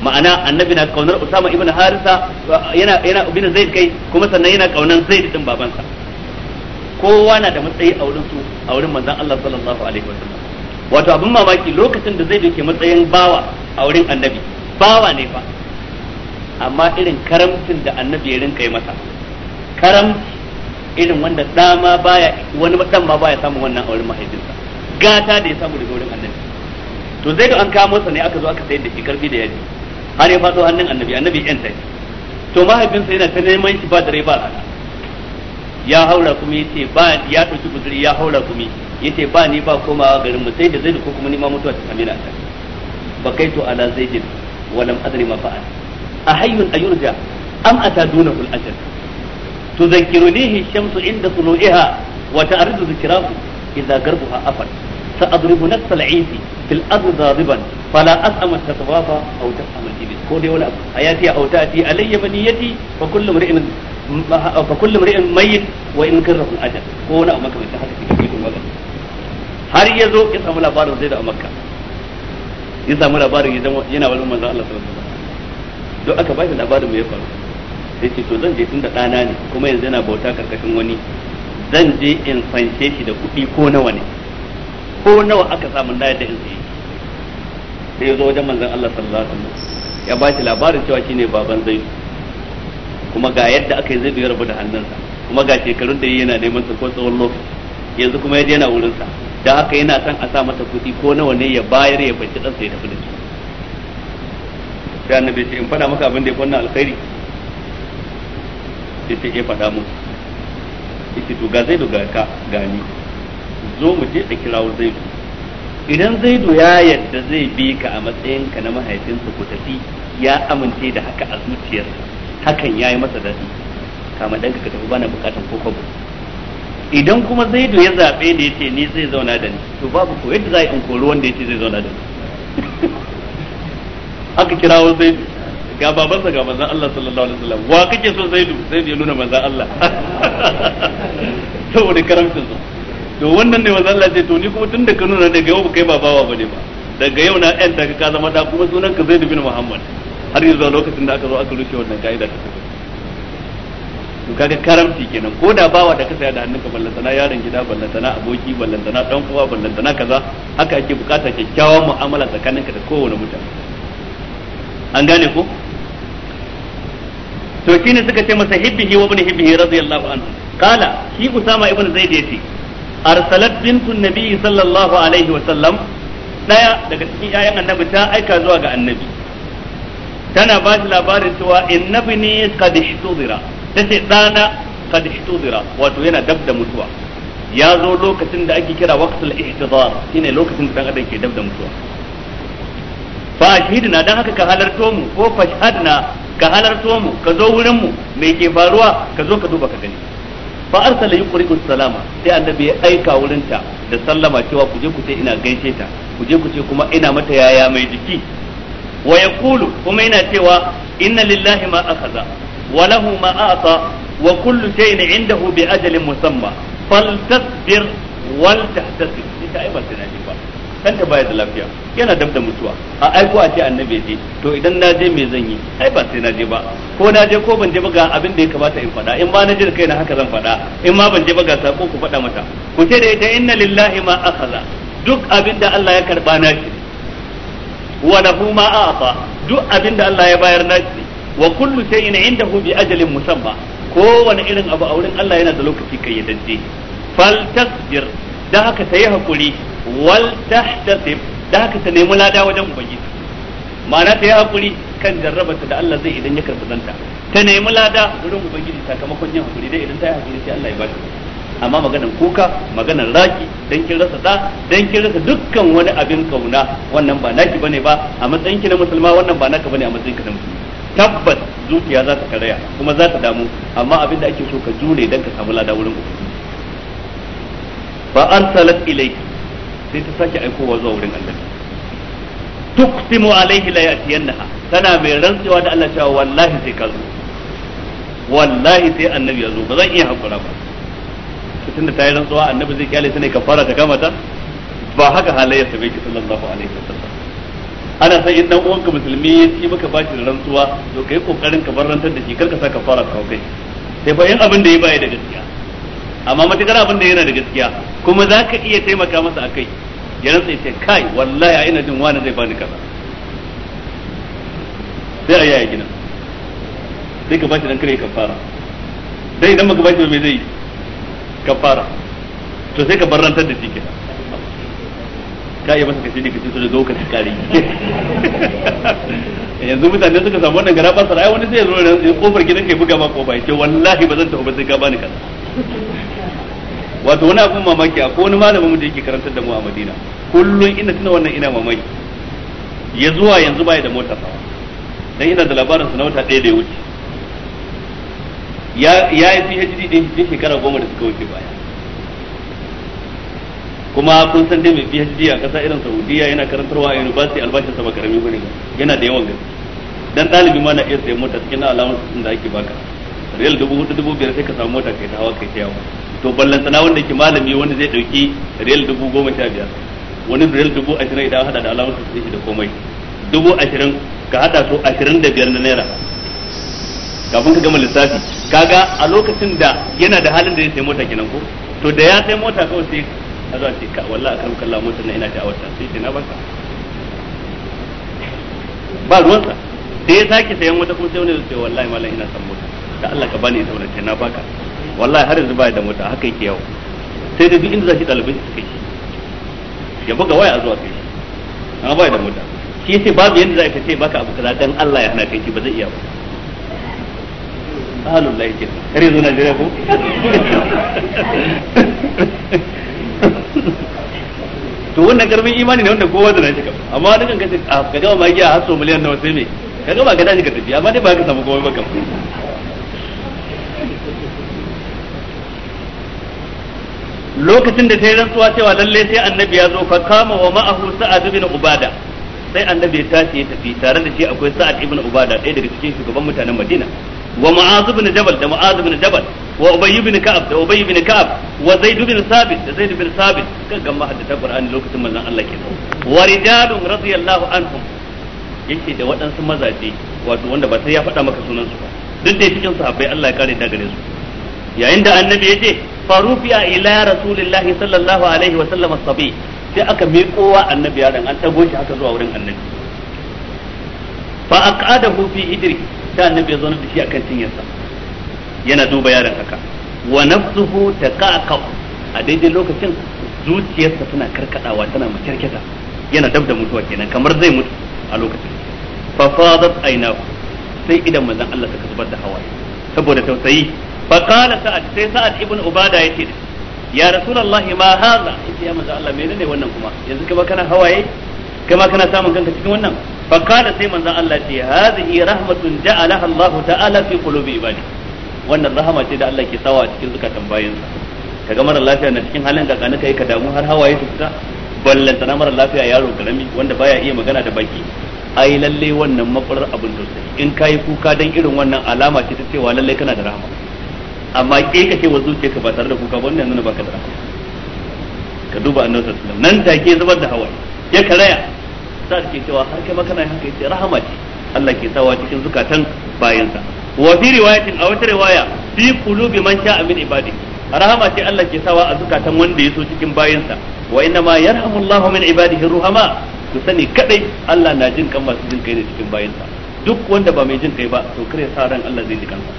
ma'ana annabi na kaunar Usama ibn Harisa yana yana bin kai kuma sannan yana kaunar Zaid babansa kowa na da matsayi a wurin su a wurin manzon Allah sallallahu alaihi wasallam wato abin mamaki lokacin da Zaid ke matsayin bawa a wurin annabi bawa ne fa amma irin karamcin da annabi ya rinka yi masa karamci irin wanda dama baya wani dan ma baya samun wannan auren mahaifinsa gata da ya samu daga wurin annabi to zai da an kawo masa ne aka zo aka sayar da shi karfi da yaji har ya fado hannun annabi annabi yan tai to mahaifinsa yana ta neman shi ba dare ba rana ya haura kuma yace ba ya dauki guzuri ya haura kuma yace ba ni ba komawa garin mu sai da zai ko kuma ni ma mutuwa ta samina ta to ala zai zaidin ولم أدري ما فعل أحي أيرجى أم أتى دونه الأجل تذكرنيه الشمس عند طلوعها وتعرض ذكراه إذا قربها أفل سأضرب نفس العيد في الأرض ضاربا فلا أسأم تتوافى أو تفهم الإبل كوني ولا أبو حياتي أو تأتي ألي بنيتي فكل امرئ فكل امرئ ميت وإن كره الأجل كون أمك مكة من تحت في المغرب har هل zo ya samu labarin zai da ya samu labarin yana wajen manzon Allah sallallahu alaihi wasallam don aka ba shi labarin me ya faru yace to zan je tunda ɗana ne kuma yanzu yana bauta karkashin wani zan je in fanshe shi da kuɗi ko nawa ne ko nawa aka samu na yadda in sai sai ya zo wajen manzon Allah sallallahu alaihi wasallam ya ba shi labarin cewa shine baban zai kuma ga yadda aka yi zai rabu da hannunsa kuma ga shekarun da yana neman sa ko tsawon lokaci yanzu kuma yana daina wurinsa da haka yana son a sa mata kuɗi ko nawa ne ya bayar ya bace ɗansa ya tafi da shi sai annabi ce in faɗa maka abin da ya kwanna alkhairi sai ce eh, ya faɗa mu yake to ga zaidu ga ka gani zo mu je da kirawo zaidu idan zaidu ya yadda zai bi ka a matsayinka na mahaifinsa ku tafi ya amince da haka a zuciyarsa hakan ya yi masa daɗi kama ɗanka ka tafi bana bukatan ko kwabo idan kuma zaidu ya zaɓe da ya ce ni zai zauna da ni to babu ko yadda za a yi in wanda ya ce zai zauna da ni aka kira wa zaidu ga babansa ga manzan Allah sallallahu alaihi wasallam wa kake so zaidu zaidu ya nuna manzan Allah saboda karamcin su to wannan ne manzan Allah ce to ni kuma tun da ka nuna daga yau kai ba bawa bane ba daga yau na ɗan daga ka zama da kuma sunan ka zaidu bin Muhammad har yanzu lokacin da aka zo aka rushe wannan ka'ida ta to kaga karamci kenan ko da bawa da ka saya da hannunka ballantana yaron gida ballantana aboki ballantana dan uwa ballantana kaza haka ake bukata kyakkyawan mu'amala tsakaninka da kowane mutane an gane ko to shine suka ce masa hibbihi wa ibn hibbihi radiyallahu anhu qala shi usama ibn zaid yace arsalat bintun nabiyyi sallallahu alaihi wa sallam daya daga cikin 'ya'yan annabi ta aika zuwa ga annabi tana ba shi labarin cewa innabi ne qad ishtudira tace dana kad ihtudira wato yana dab da mutuwa ya zo lokacin da ake kira waqtul ihtidar shine lokacin da dan adam ke dab da mutuwa fa ashhidna dan haka ka halarto mu ko fa shahadna ka halarto mu ka zo wurin mu me ke faruwa ka zo ka duba ka gani fa arsala yuqriku salama sai annabi ya aika wurin ta da sallama cewa ku je ku ce ina gaishe ta ku je ku ce kuma ina mata yaya mai jiki wa yaqulu kuma yana cewa inna lillahi ma akhadha wa lahu ma a'ta wa kullu shay'in indahu bi ajalin musamma faltasbir wal tahtasib ita ai ba tunani ba kanta baya da lafiya yana dab da mutuwa a aiko a ce annabi je to idan na je me zan yi ai ba sai na je ba ko na je ko ban je ba ga abin da ya kamata in faɗa in ba na je da kaina haka zan faɗa in ma ban je ba ga sako ku faɗa mata ku ce da ita inna lillahi ma akhala duk abin da Allah ya karba na shi wa lahu ma a'ta duk abin da Allah ya bayar na shi wa kullu shay'in indahu bi ajalin musamma kowane irin abu a wurin Allah yana da lokaci dace fal tasbir dan haka tayi hakuri wal tahtasib dan haka ta nemi lada wajen ubangiji ma'ana tayi hakuri kan jarrabata da Allah zai idan ya zanta ta nemi lada wurin ubangiji sakamakon yin hakuri dai idan ta yi hakuri sai Allah ya ba amma maganar kuka maganar raki dan kin rasa da dan kin rasa dukkan wani abin kauna wannan ba naki bane ba a matsayin ki na musulma wannan ba naka bane a matsayin ka na musulma tabbas zuciya za ta karaya kuma za ta damu amma abinda ake so ka jure dan ka samu lada wurin ubangiji ba arsalat ilayki sai ta sake aikowa zuwa wurin annabi tuqsimu alayhi la yatiyannaha tana mai rantsewa da Allah cewa wallahi sai ka zo wallahi sai annabi ya zo ba zan iya hakura ba da ta yi rantsuwa annabi zai kyale ta ne kafara ta kamata ba haka halayyar ta bai ki sallallahu alaihi wasallam ana san in dan uwanka musulmi ya ci maka bashi da rantsuwa to kai kokarin ka barantar da shi karka saka fara ka kai sai fa in abin da ya bai da gaskiya amma matakar abin da yana da gaskiya kuma za ka iya taimaka masa akai ya rantsa ce kai wallahi a ina jin wani zai bani kaza sai a yaya gina sai ka bashi dan kare kafara dai idan maka bashi ba me zai kafara to sai ka barantar da shi kenan ka yi masa kashe da kashe su zo ka ci kare yanzu mutane suka samu wannan gara basar ai wani sai ya zo ran kofar gidan kai buga ma kofa ya ce wallahi ba zan tafi ba sai ka bani kaza wato wani abin mamaki ko wani malamin mu da yake karantar da mu a Madina kullun ina tuna wannan ina mamaki ya zuwa yanzu baya da mota sawa dan ina da labarin sa na wata ɗaya da ya wuce ya ya yi PhD din shekara goma da suka wuce baya kuma kun san dai mai PhD a ƙasa irin Saudiya yana karantarwa a university albashin sa ba karami bane yana da yawan gaske dan dalibi ma na iya sayan mota cikin alamar sun da ake baka real dubu hudu dubu biyar sai ka samu mota kai ta hawa kai ta yawa to sana wanda ke malami wanda zai dauki real dubu goma sha biyar wani real dubu ashirin idan hada da alamar sun shi da komai dubu ashirin ka hada su ashirin da biyar na naira kafin ka gama lissafi kaga a lokacin da yana da halin da ya sayi mota kenan ko to da ya sayi mota kawai sai a zuwa ce ka wallahi akaram na ina da awar sai ce na ba ruwansa sai ya sake sayan wata kuma sai wani zai ce wallahi malam ina san mota da Allah ka bani ita wannan na baka wallahi har yanzu baya da mota haka yake yawo sai da duk inda zaki dalibai su kai ya buga waya a zuwa kai amma baya da mota shi yace babu yanda za ka ce baka abu kaza dan Allah ya hana kai shi ba zai iya ba ke Najeriya ko to wannan karbin imani ne wanda kowa da shi kafa amma dukan kan kace ah, ka gama magiya har so miliyan nawa sai me ka ga ba ka tashi ka tafi amma dai ba ka samu komai ba kam lokacin da sai rantsuwa cewa lalle sai annabi ya zo fa kama wa ma'ahu sa'ad ibn ubada sai annabi ya tashi ya tafi tare da shi akwai sa'ad ibn ubada ɗaya daga cikin shugaban mutanen madina wa mu'az ibn jabal da mu'az ibn jabal wa ubay ibn ka'ab da ubay ibn ka'ab wa zaid ibn sabit da zaid ibn sabit kan gamma haddata qur'ani lokacin manzon Allah ke wa yake da waɗansu mazaje wato wanda ba sai ya faɗa maka sunan su ba duk da cikin sahabbai Allah ya kare da gare su yayin da annabi ya ce farufiya ila rasulillahi sallallahu alaihi wa sallam sabi sai aka miƙowa annabi yaron an tago shi haka zuwa wurin annabi fa aqadahu fi idri sai annabi ya zo da shi akan cinyarsa yana duba yaron haka wa nafsuhu taqaqaq a daidai lokacin zuciyarsa tana karkadawa tana makyarketa yana dab da mutuwa kenan kamar zai mutu a lokacin fa fadat aynahu sai idan manzon Allah suka zubar da hawaye saboda tausayi fa qala sa'ad sai sa'ad ibn ubada yake da ya ma hadha yace ya manzon Allah menene wannan kuma yanzu kai kana hawaye kai ma kana samun kanka cikin wannan fa kana sai manzon Allah ce hadhihi rahmatun ja'alaha Allah ta'ala fi qulubi ibadi wannan rahama ce da Allah ke sawa cikin zukatan bayansa kaga mara lafiya na cikin halin kakani kai ka damu har hawaye su fita ballanta na mara lafiya yaro karami wanda baya iya magana da baki ai lalle wannan mafarar abin sosai in kayi kuka dan irin wannan alama ce ta cewa lalle kana da rahama amma ke ka ce wa zuciyarka ba tare da kuka ba wannan nuna baka da rahama ka duba annabi sallallahu alaihi wasallam nan take zubar da hawaye ya karaya sa ke cewa har kai makana haka yace rahama ce Allah ke sawa cikin zukatan bayansa wa fi riwayatin a wata riwaya fi qulubi man sha'a min ibadi rahama ce Allah ke sawa a zukatan wanda yaso so cikin bayansa wa inna ma yarhamu Allahu min ibadihi ruhama ku sani kadai Allah na jin kan masu jin kai ne cikin bayansa duk wanda ba mai jin kai ba to kare sa ran Allah zai ji kansa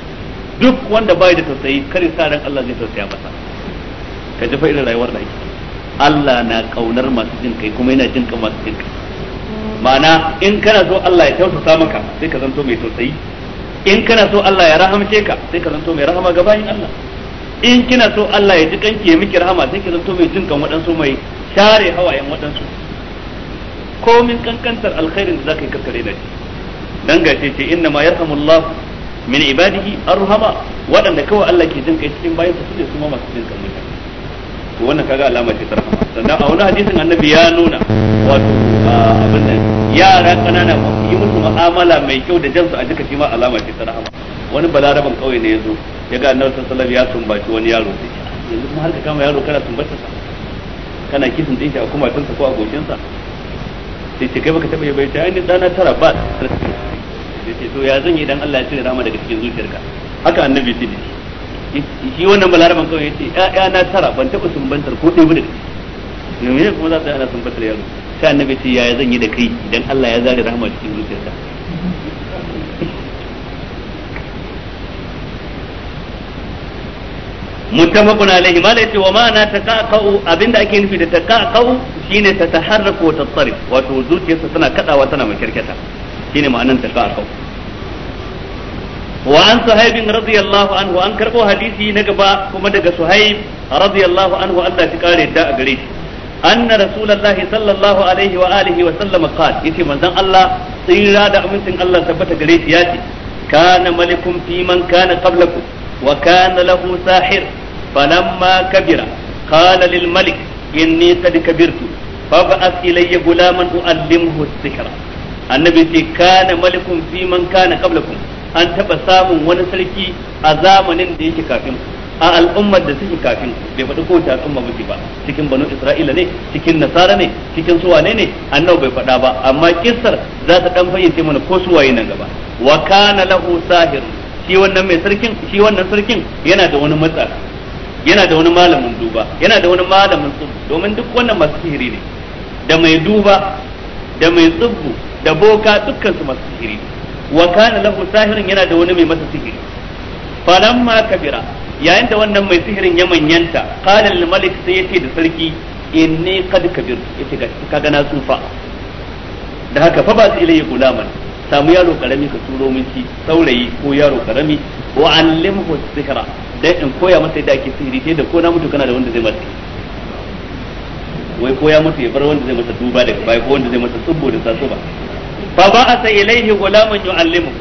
duk wanda bai da tausayi kare sa ran Allah zai tausaya masa ka ji fa irin rayuwar da yake Allah na kaunar masu jin kai kuma yana jin kan masu jin kai ma'ana in kana so Allah ya tausasa maka sai ka zanto mai tausayi in kana so Allah ya rahamce ka sai ka zanto mai rahama ga bayin Allah in kina so Allah ya ji kanki ya miki rahama sai ki zanto mai jin kan waɗansu mai share hawayen waɗansu komin kankantar alkhairin da zaka yi kakkare da shi dan gace ce inna ma yarhamullah min ibadihi arhama waɗanda kawai Allah ke jin kai cikin bayan su ne su ma masu jin kan mutane to wannan kaga alama ce ta rahama sannan a wani hadisin annabi ya nuna wato abin nan yara kanana yi musu mu'amala mai kyau da jansu a jika shi ma alama ce ta rahama wani balaraban kauye ne yazo ya ga annabi sallallahu alaihi wasallam ya sumbaci wani yaro sai yanzu kuma har ka kama yaro kana sumbata sa kana kisan dinki a kuma kumatunsa ko a sa sai ce kai baka taba yi bai ta ai ni dana tara ba sai ce to ya zan yi dan Allah ya tsira rama daga cikin zuciyarka haka annabi sai shi wannan balaraban kawai ya ce ya na tara ban taɓa sumbantar ko ɗaya da kai ne kuma za ta ana sumbantar yaro sai annabi ce yaya zan yi da kai idan Allah ya zare rahama cikin zuciyarsa muttafaqun alaihi ma da yace wa ma na taqaqau abinda ake nufi da shi shine ta taharraku wa tsari wato zuciyarsa tana kadawa tana makarkata shine ma'anan taqaqau wa an suhaibin radiyallahu anhu an karbo hadisi na gaba kuma daga suhaib radiyallahu anhu Allah ya kare da a gare shi anna rasulullahi sallallahu alaihi wa alihi wa sallama qala yace manzon Allah tsira da amincin Allah tabbata gare ya yace kana malikum fi man kana wa kana lahu sahir falamma kabira qala malik inni qad kabirtu fab'ath ilayya gulaman uallimhu as-sihra annabi ce kana malikum fi an taɓa samun wani sarki a zamanin da yake kafin a al'ummar da suke kafin bai faɗi kowace al'umma muke ba cikin banu isra'ila ne cikin nasara ne cikin Suwa ne annabi bai faɗa ba amma kissar za ta dan fayyace mana ko suwaye nan gaba wa kana lahu sahir shi wannan mai sarkin shi wannan sarkin yana da wani matsa yana da wani malamin duba yana da wani malamin tsubu domin duk wannan masu sihiri ne da mai duba da mai tsubu da boka dukkan su masu sihiri ne wa kana lahu sahirin yana da wani mai masa sihiri falamma kabira yayin da wannan mai sihirin ya manyanta qala al malik sai yace da sarki inni qad kabir yace ga kaga na tsufa da haka fa ba su ilayya gulaman samu yaro karami ka turo min shi saurayi ko yaro karami wa allimhu sihra dai in koya masa yadda ake sihiri sai da ko na mutu kana da wanda zai masa wai koya masa ya bar wanda zai masa duba daga baya ko wanda zai masa tsubbo da sasuba ba fa ba'asa ilaihi gulaman yu'allimu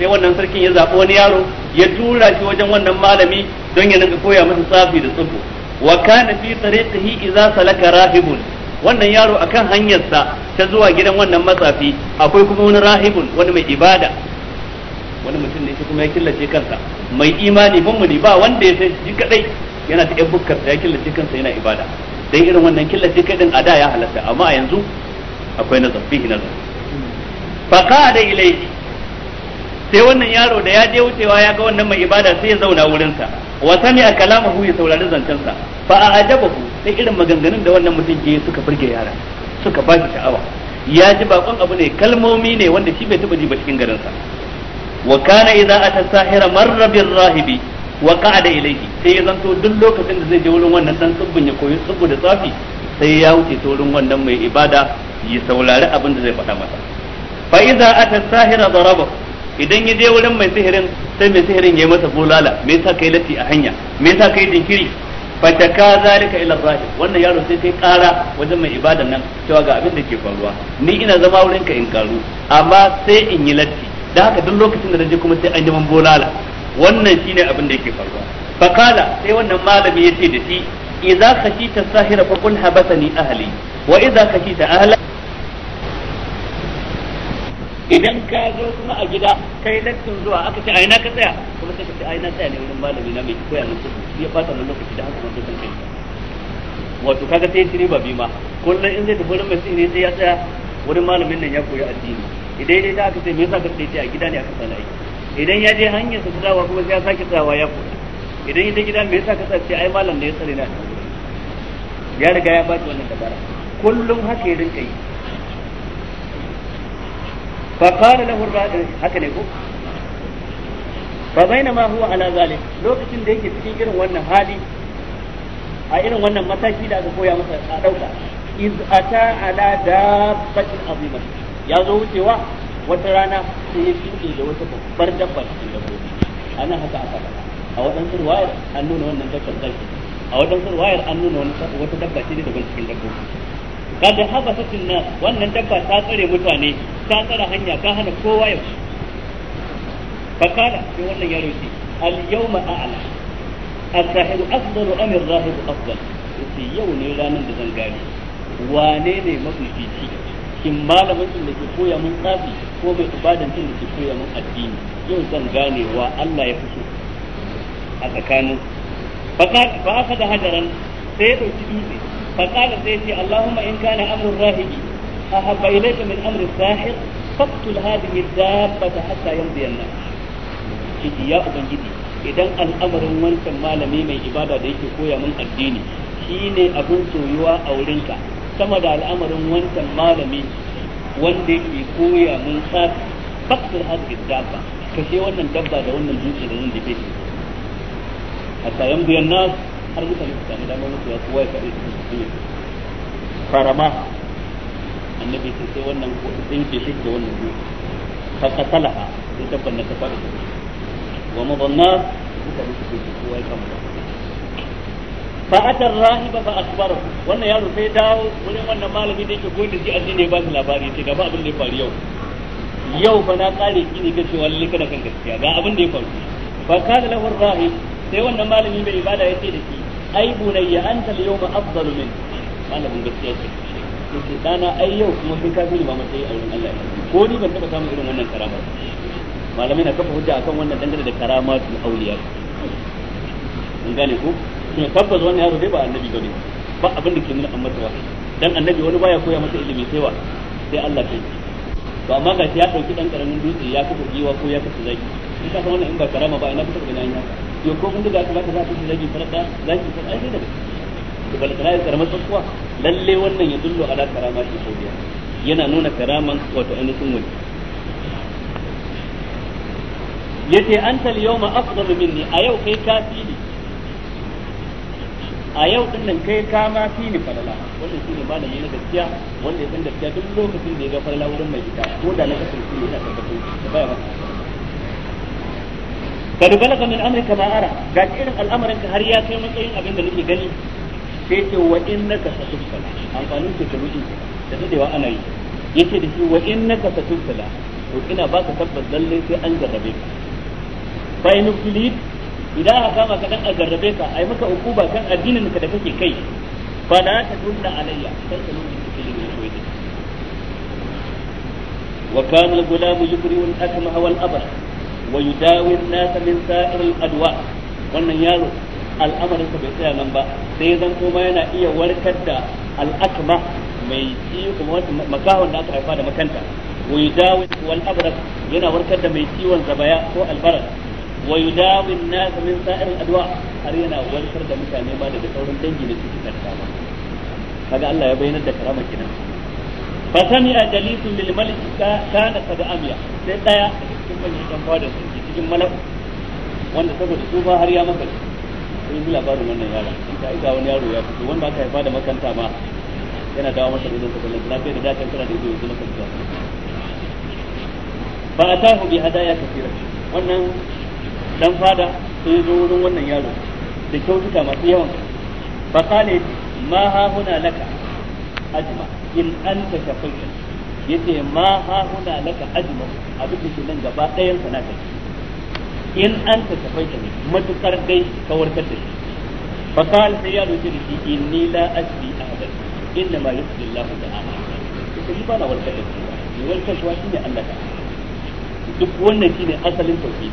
sai wannan sarkin ya zaɓi wani yaro ya tura shi wajen wannan malami don ya dinga koya masa tsafi da tsubu wa kana fi tariqihi idza salaka rahibun wannan yaro akan hanyarsa ta zuwa gidan wannan matsafi akwai kuma wani rahibun wani mai ibada wani mutum ne shi kuma ya killace kansa mai imani mummuni ba wanda ya san shi kadai yana ta yan bukkar ya killace kansa yana ibada dan irin wannan killace kai din a da ya halatta amma a yanzu akwai nazar fihi nazar faqada ilayhi sai wannan yaro da ya je wucewa ya ga wannan mai ibada sai ya zauna wurinsa wa a kalamahu ya saurari zancensa fa a a'jabahu sai irin maganganun da wannan mutum ke suka burge yara suka ba shi sha'awa ya ji bakon abu ne kalmomi ne wanda shi bai taba ji ba cikin garinsa wa kana idza ata sahira marra bir rahibi wa qa'ada ilayhi sai ya zanto duk lokacin da zai je wurin wannan dan tsubbin ya koyi tsubbu da tsafi sai ya wuce ta wurin wannan mai ibada ya saurari abin da zai faɗa masa fa idza ata sahira daraba idan ya je wurin mai sihirin sai mai sihirin ya masa bulala me yasa kai lati a hanya me yasa kai jinkiri fa ka zalika ila rahib wannan yaro sai kai kara wajen mai ibadan nan cewa ga abin da ke faruwa ni ina zama wurin ka in karu amma sai in yi latti da haka duk lokacin da naje kuma sai an yi man bulala wannan shine abin da yake faruwa fa kala sai wannan malami yace da shi idza khashita sahira fa kun habatani ahli wa idza khashita ahli idan ka zo kuma a gida kai lattin zuwa aka ce aina ka tsaya kuma sai ka ce aina tsaya ne wurin malami na mai koya min su ya fata nan lokaci da haka mun san kai wato kaga sai shi ba ma. kullun in zai tafi wurin mai sihiri sai ya tsaya wurin malamin nan ya koyi addini idan dai da aka ce me yasa ka tsaya a gida ne aka sana yi idan ya je hanyar sa tsawa kuma sai ya sake tsawa ya koyi idan ya je gida me yasa ka tsaya sai ai malam ne ya tsare na ya riga ya bata wannan dabara kullum haka ya rinka yi fa qala lahu haka ne ko fa bainama huwa ala zalik lokacin da yake cikin irin wannan hali a irin wannan mataki da aka koya masa a dauka iz ata ala dabbatin azima ya zo wucewa wata rana sai ya shuɗe da wata babbar dabba cikin dabbobi ana haka a faɗa a waɗansu ruwayar an nuna wannan dabbar zaki a waɗansu ruwayar an nuna wata dabba ce da daban cikin dabbobi kada habasatin nas wannan dabba ta tsare mutane ka tsara hanya ka hana kowa yau fakala sai wannan yaro ce al yawma a'la as-sahiru afdalu am ar-rahibu afdal yace yau ne ranar da zan gane wane ne mafi fifi shin malamin da ke koya mun tsafi ko mai ibadan da ke koya mun addini yau zan gane wa Allah ya fito a tsakanin fakala fa aka da hadaran sai ya dauki dutse fakala sai ya ce Allahumma in kana amrun rahibi أحب إليك من أمر الساحر فاقتل هذه الدابة حتى يمضي الناس جدي يا idan al'amarin wancan mai ibada da yake koya addini shine abin soyuwa a wurinka sama da al'amarin wancan malami wanda yake dabba da wannan dutse da annabi sai sai wannan ko din ke shi da wannan ne fa qatalaha sai ta banna ta fara wa madanna suka mutu sai kowa ya ba. fa atar rahiba fa akbaru wannan yaro sai dawo wurin wannan malami da yake gode da shi addini ya ba shi labari sai gaba abin da ya faru yau yau fa na kare ki ne kace wallahi kana kan gaskiya ga abin da ya faru fa kana lahu rahib sai wannan malami mai ibada yace da shi ai bunayya anta al-yawma afdalu min malamin gaskiya ce sai ce dana ai yau kuma kai ka ba matsayi a wurin Allah ko ni ban taba samun irin wannan karamar malamai na kafa hujja akan wannan dangane da karamatul auliya mun gane ko to tabbas wannan yaro dai ba annabi bane ba abin da ke nuna an masa dan annabi wani baya koya masa ilimi sai wa sai Allah kai to amma ga ya dauki dan karamin dutse ya kafa giwa ko ya kafa zaki in ka san wannan in ba karama ba ina ka taba ya ko kun da ka za ka za ka zaki farka zaki farka ai dai da to bal kana karama tsakuwa lalle wannan ya dullo ala karama shi sauya yana nuna karaman wato sun wani yace anta al-yawma afdalu minni a yau kai ka fi a yau din nan kai ka ma fi ni falala wannan shine malami na gaskiya wanda ya san gaskiya duk lokacin da ya ga falala wurin mai gida ko da na kasance ne ina tabbatar da baya ba kad balaga min amrika ma ara ga irin al'amarin ka har ya kai matsayin abin da nake gani sai ce wa innaka satubtala amfanin ce ta ruji da dadewa ana yi yace da shi wa innaka satubtala to ina baka tabbas lalle sai an jarrabe ka fa in fulit idan aka kama ka dan a garrabe ka ai maka ukuba kan addinin ka da kake kai fa la tadunna alayya sai ka nuna cikin ne wa kana al-gulamu yukri al-akmaha wal-abas wa yudawi an-nas min sa'ir al-adwa wannan yaro al'amarin sa bai tsaya nan ba sai zan kuma yana iya warkar da al'akma mai ciwo makawan da aka haifa da makanta wa yudawi wal abrak yana warkar da mai ciwon zabaya ko albaras wa yudawi an-nas min sa'ir adwa har yana warkar da mutane ba da sauran dangi da suke karta ba kaga Allah ya bayyana da karama kenan fa sami'a jalisun lil malik kana qad amiya sai daya cikin manyan dan fadar cikin malak wanda saboda su ba har ya maka sun ji labarin wannan yara in ka aika wani yaro ya fito wanda aka haifa da makanta ma yana dawo masa da zaka kallon lafiya da dakan kana da ido zuwa makanta ba a tahu bi hadaya kafira wannan dan fada sai zo wurin wannan yaro da kyautuka masu yawan ba kale ma ha huna laka ajma in an ta shafaita yace ma ha huna laka ajma abin da ke nan gaba ɗayan sanata in an ta tafaita ne matukar dai ka da shi fa qal sai ya roki shi inni la asbi ahadan inna ma yusbi da ta'ala to ni ba na warkar da shi ne warkar kuwa shine Allah ta duk wannan shine asalin tauhid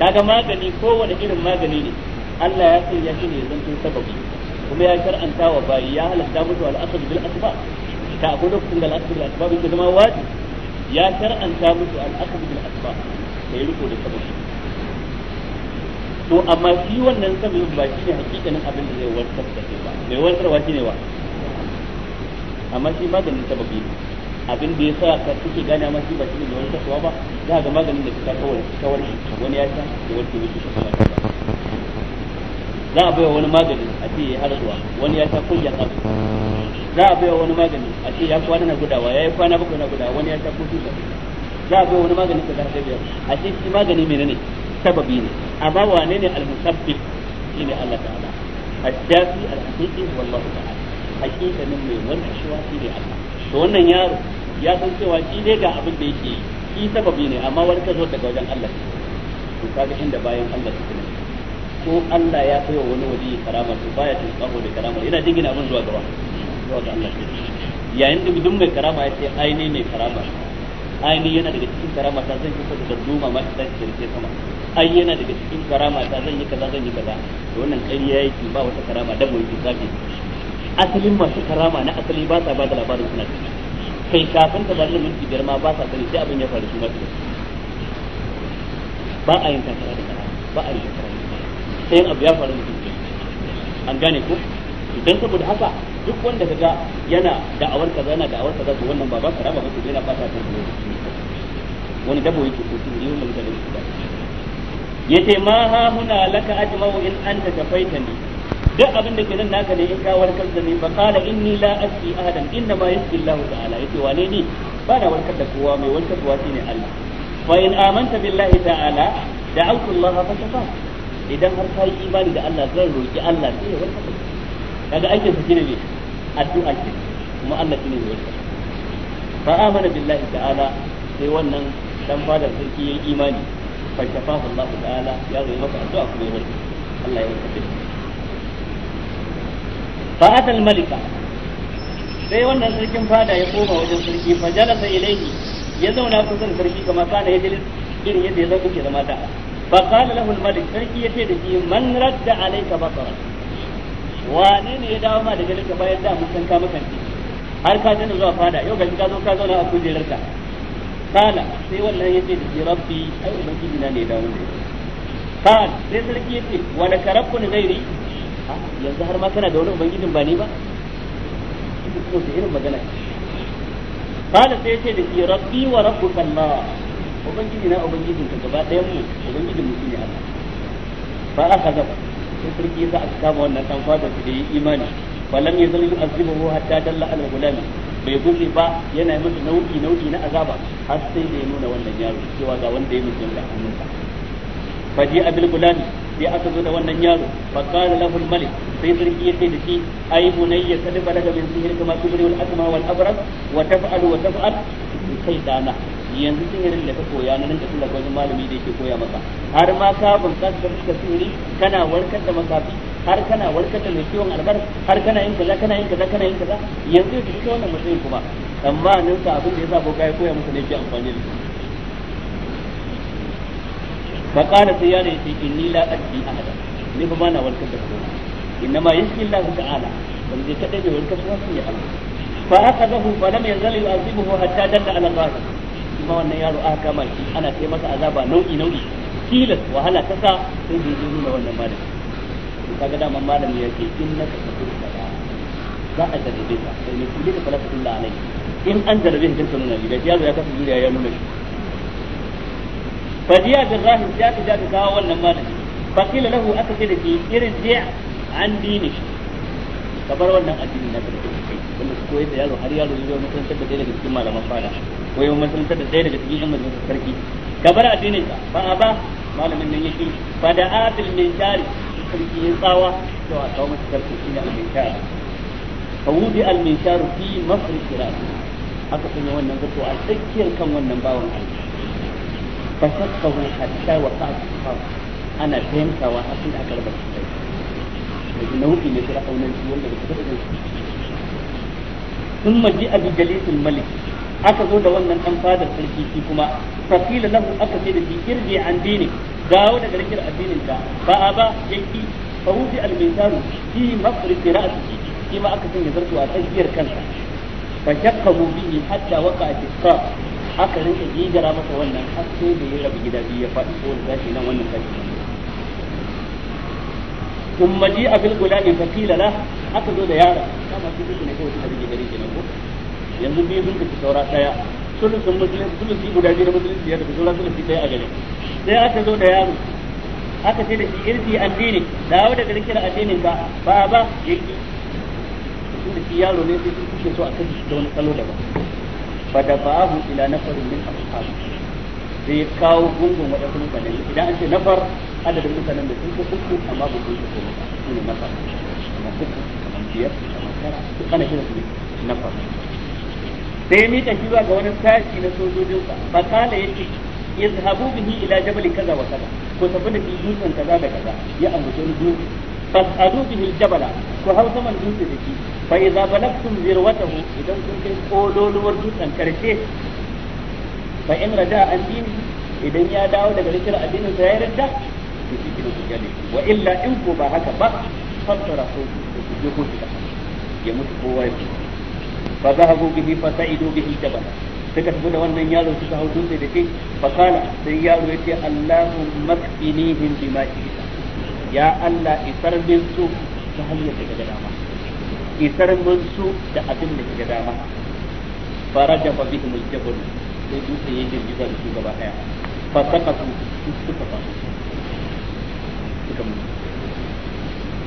kaga magani wani irin magani ne Allah ya ya shi ne tun sababi kuma ya karanta wa bayi ya halatta al al'asr bil asbab ta akwai lokacin da al'asr bil asbab yake zama wajibi ya mutu al al'asr bil asbab sai riko da sababi to amma shi wannan sababin ba shi ne hakikanin abin da zai warkar da kai ba mai warkarwa shi ne ba amma shi maganin sababi ne abin da ya sa ka kake gane amma shi ba shi ne mai warkarwa ba za ga maganin da ka kawar kawar wani ya san da wani wuce shi ba za a baiwa wani magani a ce ya harzuwa wani ya sha kunya abu za a baiwa wani magani a ce ya kwana na gudawa ya yi kwana bakwai na gudawa wani ya sha abu za a baiwa wani magani ka za a biyar a ce shi magani mai ne sababi ne amma wane ne al-musabbib shine Allah ta'ala addafi al-haqiqi wallahu ta'ala nan mai wannan shiwa shine Allah to wannan yaro ya san cewa shi ne ga abin da yake shi sababi ne amma wani ka daga wajen Allah to kaga inda bayan Allah suke ko Allah ya kai wani wali karama to baya tun tsaho da karama ina jingina abin zuwa gaba zuwa ga Allah yayin da duk mai karama ya ce ai ne mai karama ai ne yana daga cikin karama ta zan yi da duma ma ta tsirce sama ai yana daga cikin karama ta zan yi kaza zan yi kaza to wannan ƙarya yake ba wata karama dan yi tsafi asalin masu karama na asali ba sa ba da labarin suna ciki kai kafin ta bari minti biyar ma ba sa sani sai abin ya faru su ma su ba a yin takara da karama ba a yin karama sai abu ya faru mutum an gane ku. idan saboda haka duk wanda kaga yana da'awar kaza yana da'awar kaza to wannan ba ba karama ba to yana ba ta tarbiyyar wani dabo yake ko tun yi wannan mutane su ba yace ma ha huna laka ajma'u in anta kafaitani duk abin da ke nan naka ne in ka warkar da ni fa qala inni la asqi ahadan inna ma yasqi Allah ta'ala yace wane ne ba na warkar da kowa mai warkar da ne Allah fa in amanta billahi ta'ala da'awtu Allah fa shafa idan har kai imani da Allah zan roki Allah sai ya warkar kaga aikin su shine ne addu'a ce kuma Allah shine ya warkar fa amana billahi ta'ala sai wannan dan fadar sarki yayin imani fa shafahu Allah ta'ala ya yi masa addu'a kuma ya warke Allah ya warke shi fa atal malika sai wannan sarkin fada ya koma wajen sarki fa jalasa ilayhi ya zauna kusan sarki kama kana ya dalil irin yadda ya zaka ke zama da fa qala lahu al malik sarki yace da shi man radda alayka basara wane ne ya dawo ma da ganin bayan da mun san ka makanci har ka tana zuwa fada yau ga ka zo ka zauna a kujerar ka kala sai wannan ya ce da shi rabbi ai ubangiji na ne da da kala sai sarki ya ce wa da karabku zai gairi yanzu har ma kana da wani ubangijin ba ni ba ita kuma da irin magana kala sai ya ce da shi rabbi wa rabbuka Allah ubangiji na ubangijin ka gaba ɗayan mu ubangijin mu ne Allah fa aka zaba sai sarki ya sa aka kama wannan kan kwadar da yi imani falam yazal yu'azibuhu hatta dalla ala gulami bai gushe ba yana musu nau'i nau'i na azaba har sai da ya nuna wannan yaro cewa ga wanda ya mutu da hannunsa faji abil gulami sai aka zo da wannan yaro fa qala lahu al malik sai sarki yace da shi ai bunayya kad balaga min sihir kama tubri wal asma wal abras wa taf'alu wa taf'al kai dana yanzu sihirin da ka koya na nan da sallah wajen malami da yake koya maka har ma ka bunƙasa da sihiri kana warkar da masafi har kana warkar da mai ciwon albar har kana yin kaza kana yin kaza kana yin kaza yanzu ki shi wannan mutumin kuma amma nan sa abin da yasa ko kai koya musu ne ke amfani da shi fa qala sai ya ne inni la adbi ahada ni ba na warkar da kowa inna ma yashki Allah ta'ala ban je kadai mai warkar da kowa ya Allah fa aqadahu fa lam yazal yu'azibuhu hatta dalla ala al qadi kuma wannan yaro aka kama shi ana kai masa azaba nau'i nau'i tilas wahala ta sa sai da nuna wannan malami kaga da man malami ya ce in naka kafir kaza za a jarrabe ka sai ne kuli ka fara kudin da alai in an jarrabe ka kansa nuna riga ya zo ya kasa juriya ya nuna shi fadiya bin rahim ya ta ja ta kawo wannan malami fakila lahu aka ce da shi irin je an dini shi ka bar wannan addini na karfi wanda su koyi da yaro har yaro zai zo makarantar da ɗaya daga cikin malaman fada ko yau makarantar da ɗaya daga cikin yan majalisar sarki ka bar addinin ka ba a ba malamin nan yake fa da abil min jari sarki ya tsawa to a kawo masa sarki shine al-minshar fa wudi al-minshar fi mafrik ra'si aka sanya wannan zato a tsakiyar kan wannan bawan Allah fa shakkahu hatta wa qa'a ana taimkawa a cikin akarbar shi da nau'i ne kira kaunan shi wanda ba ta da shi sun maji abi jalisul malik aka zo da wannan dan fadar sarki shi kuma fa qila lahu aka ce da shi irji an dini dawo daga rikin addinin ta ba a ba yaki fa wuzi al-mintaru fi mafri qira'ati shi ma aka sanya zarto a tsakiyar kansa fa mu bihi hatta waqa tisqa aka rinka jigara masa wannan har sai da ya rabu gida biyu ya faɗi ko da shi nan wannan kashi ثم جاء بالغلام فقيل له aka zo da yaron kama shi duk ne kawai suka rige gari kenan ko yanzu biyu sun ka saura daya sulusun musulunci sulusi guda biyu na musulunci ya tafi sauran sulusi ɗaya a gare sai aka zo da yaro aka ce da shi irfi addini dawo daga rikira addinin ka ba ba sun da shi yaro ne sai sun kuke so a kashe shi wani salo daban Ba da abu ila nafarin min ashabi sai ya kawo gungun waɗansu mutane idan an ce nafar adadin mutanen da sun fi uku amma ba sun fi kuma ba shi ne nafar kuma kamar biyar kamar tara duk ana su nafar sai ya mita shi zuwa ga wani sashi na sojojinsa fa kala yace izhabu bihi ila jabali kaza wa kaza ko tafi da dutsen kaza da kaza ya ambaci wani dutse fasadu bihi jabala ko hau saman dutse da shi fa idza wata zirwatahu idan kun kai kololuwar dutsen karshe fa in raja an dini idan ya dawo daga rikir addinin sa ya radda to shi kina gale wa illa in ko ba haka ba fassara ko ku je ko ya mutu kowa ya fa zahabu bihi fa sa'idu bihi jabala suka tafi da wannan yaro suka hau dutse da shi fa kana sai yaro yace Allahumma bi bima shi'ta ya Allah isar min su ta hanyar da gada dama isar min su da abin da ga dama faraja fa bihi muljabal sai dutse ya girgiza da su gaba daya fa saqatu suka fa suka mutu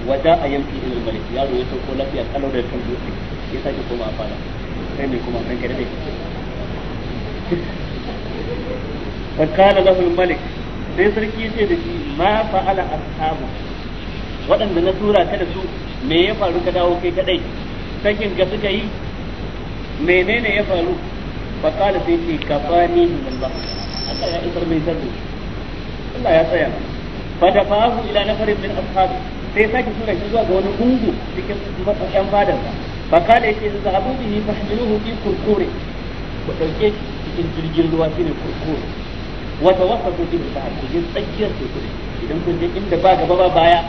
wada a yanki ilmalik yaro ya sauko lafiya kalau da kan dutse ya sake koma a fada sai mai kuma kan karbe wa kana lahu malik sai sarki ya ce da shi ma fa'ala ashabu waɗanda na tura ka da su me ya faru ka dawo kai kadai sakin ka suka yi menene ya faru fa qala sai ce kafani min Allah Allah ya isar mai sadu Allah ya tsaya fa da fa'ahu ila nafarin min ashabi sai sake tura shi zuwa ga wani gungu cikin yan fadar fa kana yace da zahabu bihi fahmiluhu fi kurkure ku dauke cikin jirgin ruwa shine kurkure wa tawassatu bi bahar ku je tsakiyar teku idan kun je inda ba gaba ba baya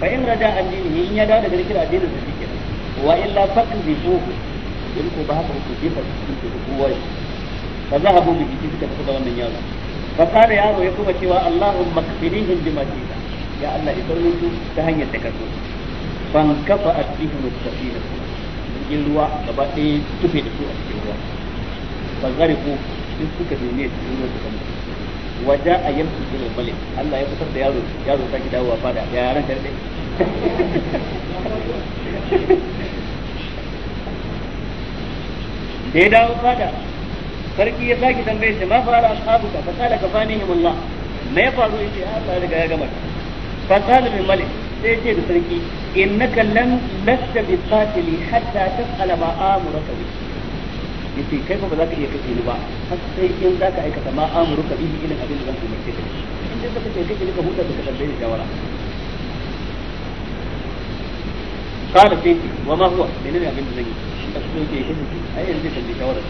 fa in raja addini in ya dawo daga rikin addinin sa cikin. wa illa faqdifuhu in ko ba haka ku jefa cikin teku kowa fa zahabu bihi suka tafi da wannan yaro fa kana yaro ya kuma cewa allahumma kfirihim bima ya Allah ya kawo su ta hanyar da ka kaso fan kafa addinin safina cikin ruwa gaba ɗaya tufe da su a cikin ruwa ba zare ko duk suka zai a cikin ruwa suka mutu waja a yamsu ilal malik Allah ya fitar da yaro yaro sake dawowa fada ya yaran karɗe da ya dawo fada sarki ya sake tambaye shi ma fara ashabuka fa kala kafanihim Allah me ya faru yace ah, Allah ya riga ya gama fa kala min malik sai ce da sarki innaka lan lasta bi qatili hatta tas'ala ma amuruka bi yace kai ba za ka iya kace ni ba har sai in za ka aikata ma amuruka bi irin abin da zan umarce ka in da kace kace ka huta ka tambaye ni shawara قال سيدي وما هو من abin da zan yi shi a cikin ke shi ai yanzu tambaye shawara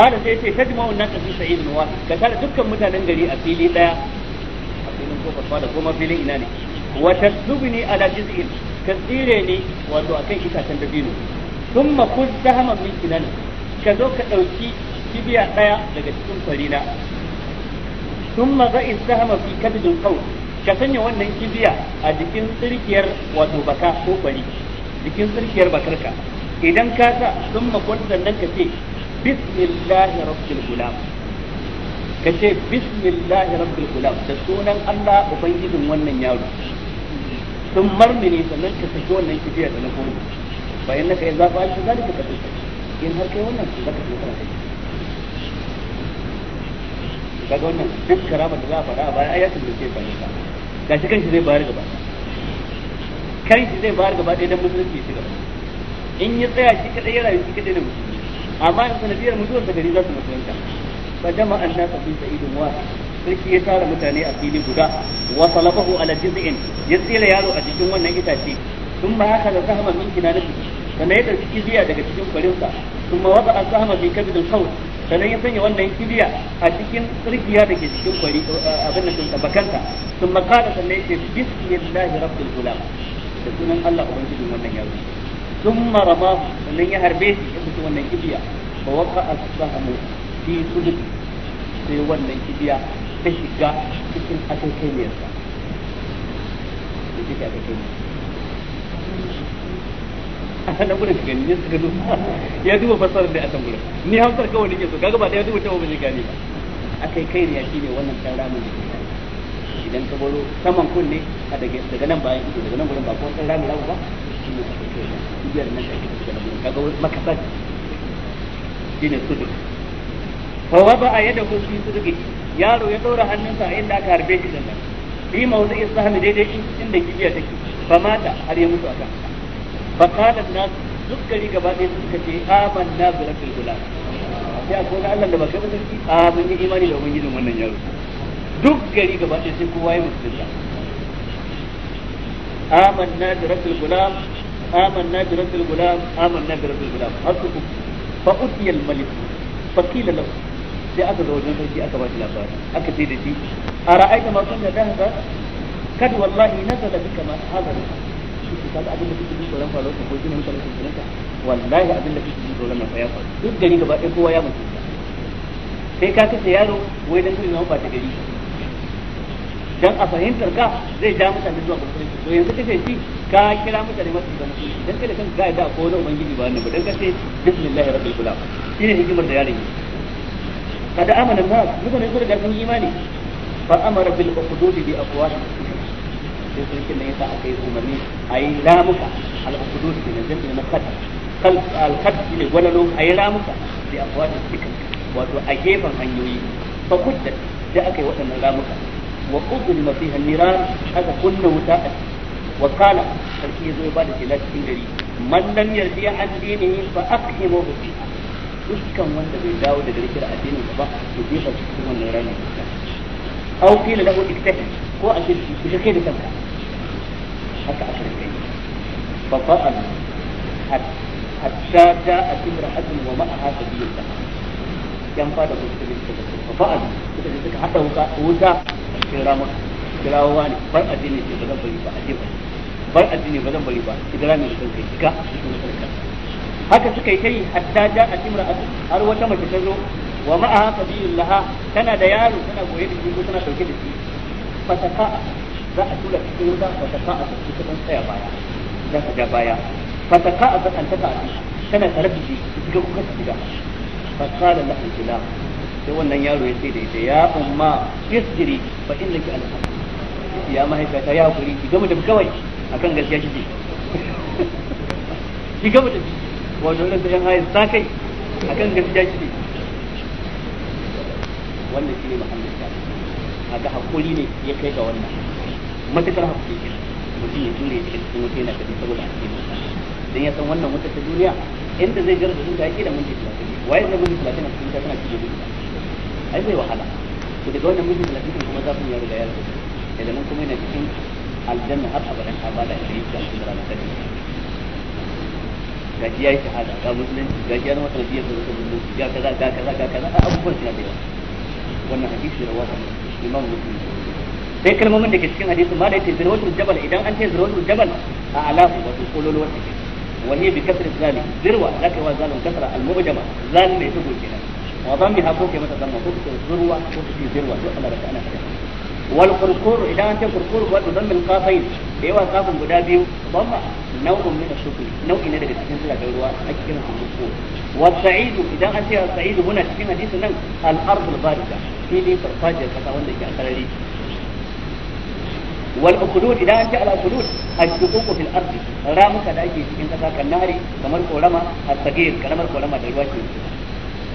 قال سيدي تجمع الناس في سعيد واحد ka tare dukkan mutanen gari a fili daya a filin kofar fada ko ma filin ina ne wa tasubni ala jiz'in ka tsire ni wato akan itacen dabino thumma khudh sahman min kinana ka zo ka dauki kibiya daya daga cikin farina thumma za'is sahma fi kabdil qaw ka sanya wannan kibiya a jikin tsirkiyar wato baka ko kwari jikin tsirkiyar bakarka idan ka sa thumma khudh nan ka ce bismillahi rabbil gulam ka ce bismillahi rabbil gulam da sunan Allah ubangijin wannan yaro sun marmini sannan ka saki wannan kibiya da na komo bayan naka kai ba shi zalika ka tsaka in har kai wannan zaka tsaka kai kaga wannan duk karama da za a faɗa a baya ayatul da ke ga shi kanshi zai bayar gaba kanshi zai bayar gaba ɗaya dan musulunci shi gaba in ya tsaya shi kadai ya rayu shi kadai da musulunci amma in sanadiyar mutuwar sa gari za su musulunta ba jama'an an-nasu fi sa'idin wahid sarki ya tara mutane a fili guda wa salabahu ala jiz'in ya tsira yaro a cikin wannan itace sun ma haka da sahama min kinanati sannan ya dauki kibiya daga cikin kwarinsa sun wata a sahama fi kabidil hawl sannan ya sanya wannan kibiya a cikin tsirkiya da ke cikin kwari eh, abin nan da bakanta sun ma kada sannan ya ce bismillahi rabbil gulam da sunan Allah ubangijin wannan yaro sun ma rama sannan ya harbe shi ya fito wannan kibiya fa waqa as-sahamu fi sudut sai wannan kibiya ta shiga cikin akankaniyarsa da na gudun gani ne suka duba ya duba da a gudun ni kawai nake so kaga ba ɗaya duba zai ba akai kai ne ya wannan ramin da ke idan ka baro saman kunne a daga daga nan bayan ido daga nan ba ko san rami ba a cikin nan da kake kaga makasar ne sudu fa wada fi yaro ya ɗora hannunsa a inda aka harbe shi din nan bi mawdu islam daidai inda kibiya take ba mata har ya mutu akan Ba qalat nas duk gari gaba ɗaya suka ce amanna bi rabbil gulam sai a kona Allah da baka ba sarki a mun yi imani da ubangijin wannan yaro duk gari gaba ɗaya sai kowa ya musulunta amanna bi rabbil gulam amanna bi rabbil gulam amanna bi rabbil gulam har su fa utiyal malik fa kila lafu. sai aka zo wajen sarki aka ba shi labari aka ce da shi a ra'aita ma da dahaba kad wallahi nazala bika ma hazar shi ka ga abin da kake ji tsoron faruwa ko kina mutane sun tunanka wallahi abin da kake ji tsoron nan fa ya faru duk gari gaba ɗaya kowa ya mutu sai ka kace yaro wai dan kuma ba ta gari dan a fahimtar ka zai ja mutane zuwa ga musulunci to yanzu kace shi ka kira mutane masu da musulunci dan kada kan ga da ko wani ubangiji ba wannan ba dan kace bismillahir rabbil gulam shine hikimar da yaron yake قد امن الناس نقول يقول قال من ايماني فامر بالاخدود باقوال المسلمين يقول لك ان يسعى اي رامك على الاخدود في نزل من الخد خلف الخد اللي قول لهم اي رامك باقوال المسلمين وتو اجيب عن يوي فقدت جاءك وانا رامك وقدم فيها النيران هذا كل وتاءت وقال الكيزو بعد ثلاث سنين من لم يرجع عن دينه فاقحمه فيها dukkan wanda bai dawo daga rikira addinin ba to jefa cikin wannan ranar fuska au kila lahu iktahi ko a ce ku shirke da kanka haka aka rike fa fa fa'al hatta ja'a hadin wa ma ma'aha ta yan fada ku cikin suka fa an kuka ji suka hada wuta wuta cikin ramar kirawowa ne bar addini ce ba zan bari ba a jefa bar addini ba zan bari ba idan ne sun kai ka sun kai haka suka yi ta yi hatta ja a timra har wata mace ta zo wa haka biyun laha tana da yaro tana goye da shi ko tana dauke da shi fataka za a tura cikin wuta fataka a cikin kuma tsaya baya za ta ja baya fataka a zakan ta ta'a tana tare da shi ga kuka shiga da lahu kila sai wannan yaro ya ce da ita ya umma isjiri fa innaki alhamdu ya mahaifiyata ya hakuri ki gama da kawai akan gaskiya kike ki gama da wato irin yan hayar sa kai akan gaskiya shi wannan shine muhammad a ga hakuri ne ya kai ga wannan matakar hakuri mutum ya jure shi cikin wuta yana kadi saboda hakuri don ya san wannan wuta ta duniya inda zai gara da zuciya yake da minti 30 waye zai minti a cikin ta tana cikin ai zai wahala to daga wannan minti 30 kuma zafin ya riga ya kuma yana cikin aljanna har abadan abada da cikin ranar da ga shi yayi shahada ga musulunci ga shi yana wata biyar da zaka musulunci ga kaza ga kaza ga kaza abubuwan suna da yawa wannan hadisi da wata imam muslim sai kalmomin da ke cikin hadisin ma da yake zirwatul jabal idan an ce zirwatul jabal a alafu wato kololuwar take وهي بكسر الزال ذروة لك وزال كسر المبجمة زال ليس كنا وضمها فوق ما تضم فوق ذروة فوق ذروة أنا بس أنا والقرقور إذا أنت قرقور وتضم القافين إيوا قاف قدابي ضمها nau'in min shukri nau'i ne daga cikin jiragen ruwa ake kiran su ko wa sa'id idan an ce sa'id muna cikin hadisin nan al ardul barika shi farfajiyar kasa wanda ke akarari wal ukhdud idan an ce al ukhdud ashuquq fil ardi ramuka da ake cikin kasa kan nari kamar korama as-sagir kamar korama da ruwa ke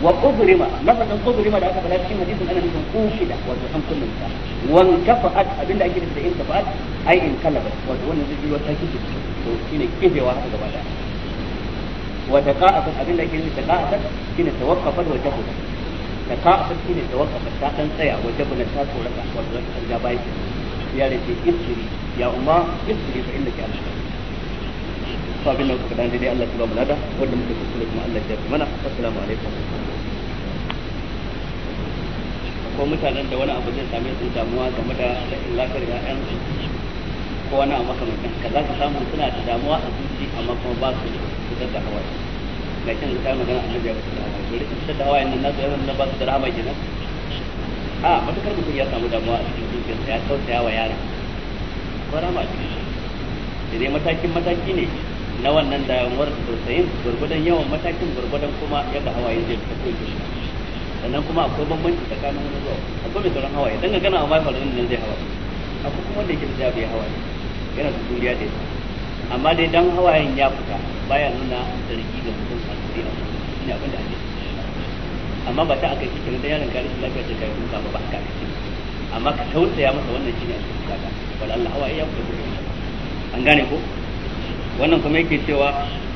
wa qudrima lafazin qudrima da aka faɗa cikin hadisin ana nufin kushida wato ta abinda ake nufi da in kafa'at ai in wato wannan to shine kifewa haka gaba daya wa taqa'afat abinda ke nufi taqa'afat shine tawaqqafat wa tahud taqa'afat shine tawaqqafat ta dan tsaya wa jabna ta tsoraka wato zaka kanja bai ya race istiri ya umma istiri fa innaka ala fa bin nan da dai Allah ya ba mu lada wanda muke kuskure kuma Allah ya yi mana assalamu alaikum ko mutanen da wani abu zai same su damuwa game da lafiyar ya'yan su ko wani a makamakin ka za ka samu suna da damuwa a zuci amma kuma ba su su da hawa ga kin da magana annabi ya su da hawa dole fitar da hawaye nan nasu yawan ba su da rama kenan a matukar mutum ya samu damuwa a cikin zuciyarsa ya tausaya wa yaran ko rama a cikin shi dai matakin mataki ne na wannan damuwar da tausayin gurgudan yawan matakin gurgudan kuma yadda hawaye zai ta ko shi sannan kuma akwai bambanci tsakanin wani zuwa akwai mai sauran hawaye dan ga gana amma da nan zai hawaye akwai kuma wanda yake da bai hawaye yana da juriya da ita amma dai dan hawayen ya fita baya nuna zargi ga mutum a cikin abu ina abin da hadisi amma ba ta akai cikin da yaron kare lafiya ce kai kuka ba ba ka kace amma ka tausaya masa wannan shine a cikin kaka wala Allah hawaye ya fita gurin an gane ko wannan kuma yake cewa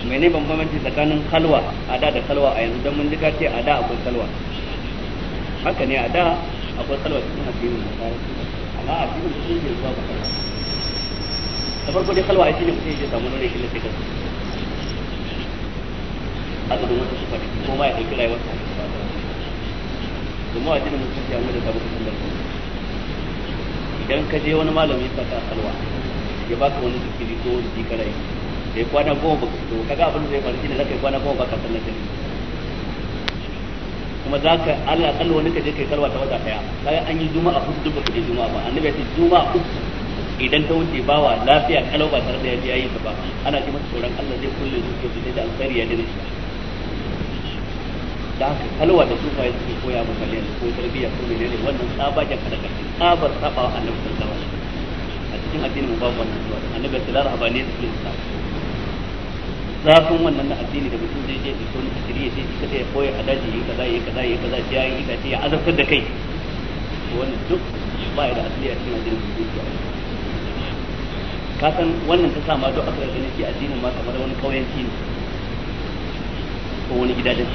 mene bambanci tsakanin kalwa a da da kalwa a yanzu don mun ji ce a da akwai kalwa haka ne a da akwai kalwa cikin addinin nasara amma addinin sun ke zuwa ba kalwa da farko dai kalwa shi ne mutum ya samu nuna kila sai a azumin wata su faɗi ko ma ya ɗauki rayuwar sa domin addinin ya amma da ta kusan da kuma idan ka je wani malami ya saka kalwa ya baka wani zikiri ko wani zikara yi ya kwana goma ba to kaga abin da zai faru shine zaka yi kwana goma ba ka sallar da kuma za ka Allah kalwa ne ka je kai kalwa ta wata daya kaga an yi juma'a hudu ba ka je juma'a ba annabi ya ce juma'a uku idan ta wuce ba wa lafiya kalau ba tare da ya biya yi ta ba ana ji masa tsoron Allah zai kulle su ke fice da alkhairi ya dare shi da haka kalwa da sufa ya suke koya maka ne ko tarbiyya ko ne wannan tsabagen kada ka tsabar tsabawa annabi sallallahu alaihi wasallam a cikin addinin mu babu wannan zuwa annabi sallallahu alaihi wasallam ne suke sa zafin wannan na addini da mutum zai je da sun shirye sai shi kada ya koya a daji yi kaza yi kaza yi kaza ya yi kaza ya azabtar da kai wannan duk ba ya da asali a cikin addinin musulunci ka san wannan ta sa ma duk aka gani shi addinin ma kamar wani kauyanci ne ko wani gidajen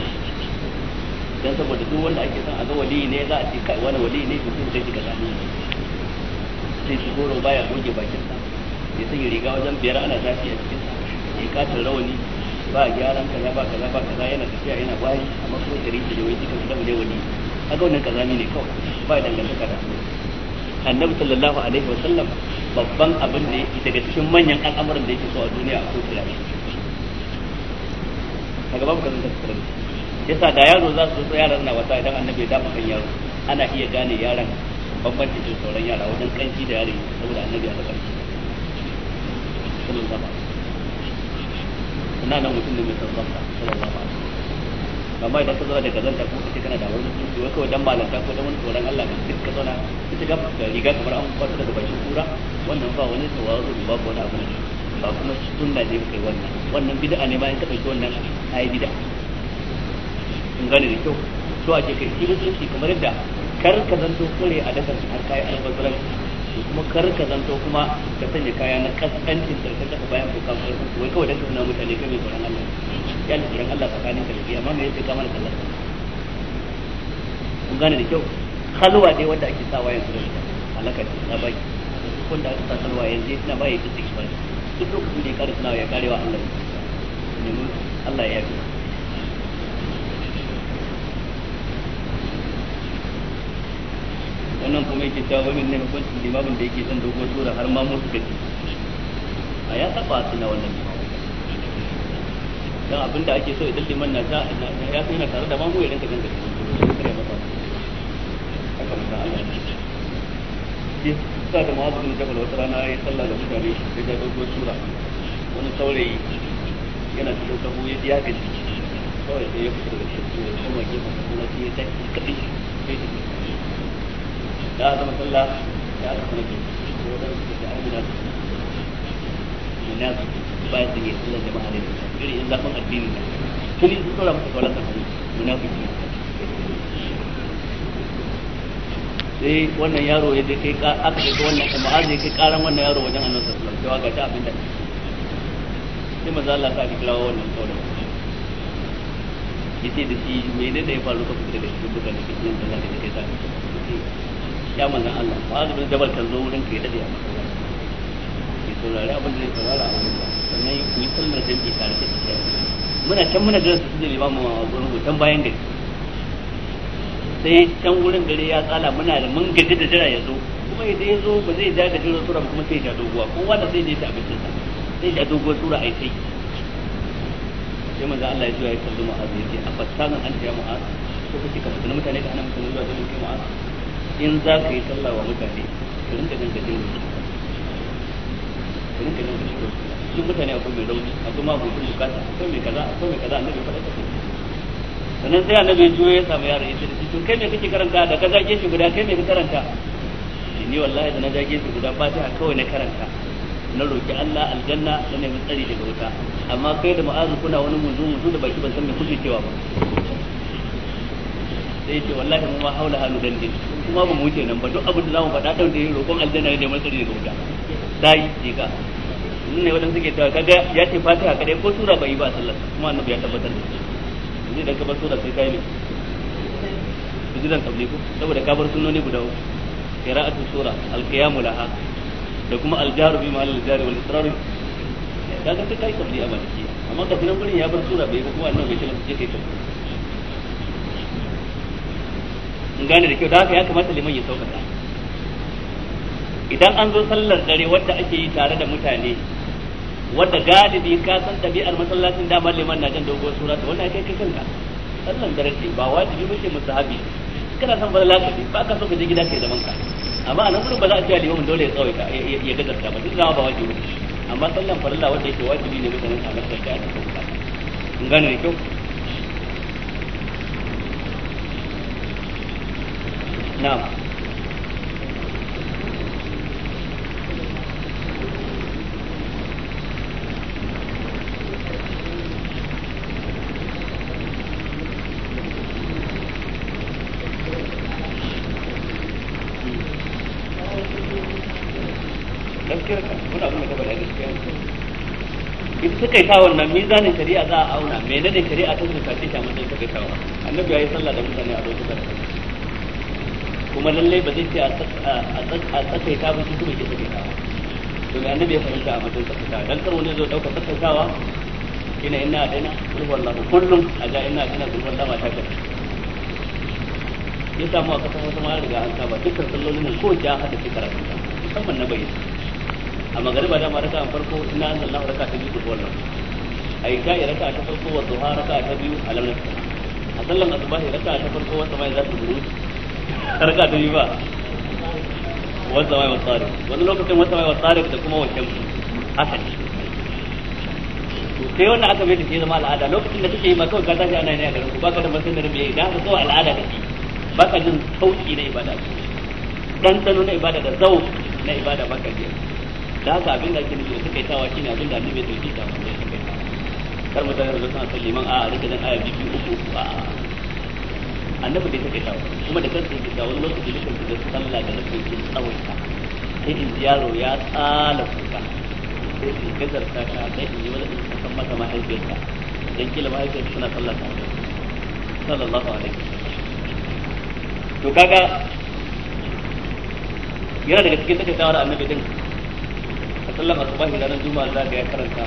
dan saboda duk wanda ake son a ga wali ne za a ce kai wani wali ne to sai ka gani sai shi goro baya goge bakin sa ya sanya riga wajen biyar ana tafiya a cikin sa ya katar rawani ba gyaran kaza ba kaza ba kaza yana tafiya yana bayi amma kuma gari da yawai cikin da wani kaga wannan kaza ne kawai ba dangantaka da annabi sallallahu alaihi sallam babban abin da yake daga cikin manyan al'amuran da yake so a duniya a kotu yayi a gaban ka zanta tsare yasa da yaro za su tsaya yaran na wasa idan annabi ya dafa kan yaro ana iya gane yaran bambanci da sauran yara wajen kanki da yari saboda annabi ya da kanci sallallahu alaihi wasallam nan mutum ne mai sallallahu alaihi wasallam amma idan ka zo da gazanta ko kace kana da wani tsufi wai kawai dan malanta ko dan wani tsoron Allah kan duk ka na ita ga riga kamar an kwata daga bakin kura wannan ba wani tawazu ba ko wani abu ne ba kuma sunna ne kai wannan wannan bid'a ne ma in ka dauki wannan ai bid'a in gane ne kyau to a ce kai shi mutunci kamar yadda kar ka zanto kure a dakan har kai albazaran to kuma kar ka zanto kuma ka sanya kaya na kaskancin da ka saka bayan ko kafin wai kawai dan ka mutane kai mai tsoron Allah ya da tsoron Allah tsakanin ka da amma mai yake kama mana sallar kun gane da kyau halwa dai wanda ake sawa yanzu da ita alaka ce na bai kun da aka halwa yanzu na bai ya tsitsi ba duk lokacin da ya kare suna ya karewa Allah ne Allah ya yi wannan kuma yake cewa wai ne hukuncin limamin da yake son dogon sura har ma musu gaji a ya saba su na wannan dan abin da ake so idan liman na ta ya san yana tare da mamu ya rinka ganga kare masa haka mutan Allah ya sa da mawazu bin jabal wata rana ya salla da mutane da ga dogon sura wani saurayi yana cikin sabo ya ji ya gaji kawai sai ya fito da shi ya kuma gefen kuma sai ya tashi kadai sai da aka sallah ya aka kuma ke ko da bayan da ne irin in ne tuni tsora sai wannan yaro ya kai aka kai wannan kuma kai karan wannan yaro wajen ta abin da sai Allah kirawo wannan da shi ne da ya faru ka fita da shi duka da sallah da kai ya manzan Allah ma'azu bin jabal kan zo wurin ka ya dade a masallaci ki saurari abin da zai saurara a wurin sannan ku yi sallar jami'i tare da shi muna can muna jiran su da limamu a gurin hoton bayan gari sai can wurin gare ya tsala muna da mun gaji da jira ya zo kuma idan ya zo ba zai ja da jira sura kuma sai ya doguwa kowa da sai ya ta abincin sa sai ya doguwa sura yi sai sai manzo Allah ya zo ya kalli mu'az ya ce a fasanan an ya mu'az ko kake ka fitana mutane ka hana mutane zuwa da kai mu'az in za ka yi sallah wa mutane ka rinka jin ka jin ka rinka jin ka su mutane akwai mai rauni akwai ma abokin bukata akwai mai kaza akwai mai kaza annabi faɗa kake sannan sai annabi ya juyo ya samu yaron ya ce to kai me kake karanta da ka zage shi guda kai me ka karanta ni wallahi da na zage shi guda fatiha kawai na karanta na roki Allah aljanna da nemi tsari daga wuta amma kai da ma'azu kuna wani munzu munzu da baki ban san me kuke cewa ba sai ce wallahi mun ma haula halu dandin kuma ba mu wuce nan ba duk abin da zamu faɗa ɗan da yin roƙon aljanna ne neman tsari daga wuta ta yi ce ka nan ne wadanda suke tawa kaga ya ce fatiha kadai ko sura bai yi ba sallar kuma annabi ya tabbatar da shi zai idan ka bar sura sai kai ne sujudan kabli ko saboda ka bar sunnoni guda uku qira'atu sura al-qiyamu laha da kuma al-jaru bi ma'al al-jari wal israr kaga sai kai tabli a maliki amma kafinan gurin ya bar sura bai ba kuma annabi ya ce kai tabli in gane da kyau da haka ya kamata liman ya saukata idan an zo sallar dare wadda ake yi tare da mutane wadda galibi ka san ɗabi'ar masallacin damar liman na jan doguwar sura to wannan kai kai kanka sallan dare ce ba wajibi ba ce musahabi kana san ba bi ba ka so ka je gida kai zaman ka amma a nan gurin ba za a ce liman dole ya tsawaita ya gadarta ba duk da ba wajibi amma sallan farilla wadda yake wajibi ne mutanen a masallacin da aka kuka in gane da kyau na'am suka sa wannan mizanin shari'a za a auna menene shari'a ta suka ce shi a matsayin takaitawa annabi ya yi sallah da mutane a lokacin kuma lallai ba zai ce a tsakaita ba shi kuma ke tsakaita to ga annabi ya fahimta a matan tsakaita dan karo ne zai dauka tsakaitawa ina ina ina kulwallahu kullum a ga ina ina kulwallahu ta kai ya samu a kasar wata mara daga an saba dukkan sallolin nan ko ja hada fi karatu musamman na bayyana a magariba da maraka an farko ina an sallahu raka ta biyu kulwallahu a yi sha'i raka ta farko wa zuha raka ta biyu a lamnar a sallan asubahi raka ta farko wata mai za su buru karka ta yi ba wasa wai tsari wani lokacin wata wai tsari da kuma wasan haka ne to sai wannan aka mai take zama al'ada lokacin da kake yi ma kawai ka tashi ana yi a garin ku baka da masanin da me da haka kawai al'ada da shi baka jin sauki na ibada ɗanɗano na ibada da zau na ibada baka jin da haka abin da ake nufi da suka yi tawa shine abin da annabi ya dauke da wanda ya suka yi kar mutane da suka san liman a a rika jan aya biyu uku a annabi da take dawo kuma da kansa yake kawo lokacin da kansa da sallah da nake yin tsawaita sai in yaro ya tsala kuka sai in gazar ta sai in yi wani in san mata mahaifiyarta dan kila mahaifiyarta suna sallah ta sallallahu alaihi to kaga yana daga cikin take da annabi din a sallar asubahi ranar juma'a za ka ya karanta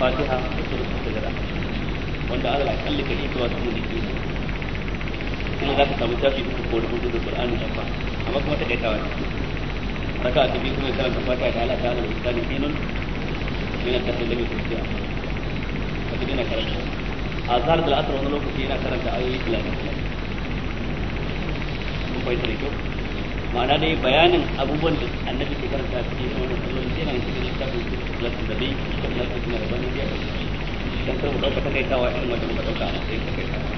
fatiha da suratul sajda wanda Allah ya kalli kare ta wasu mulki kuma za ka samu shafi uku ko rubutu da qur'ani nan amma kuma ta kaitawa ne saka ta biyu kuma karanta fata da Allah ta'ala da misali dinun yana ta da ta ka ji karatu a zar da asr wani lokaci yana karanta ayoyi talatin mun fahimta da kyau ma'ana dai bayanin abubuwan da annabi ke karanta cikin wannan sai nan cikin littafin talatin da bai cikin talatin da bai da bai dan kar mu dauka takaitawa irin wanda muka dauka a kai takaitawa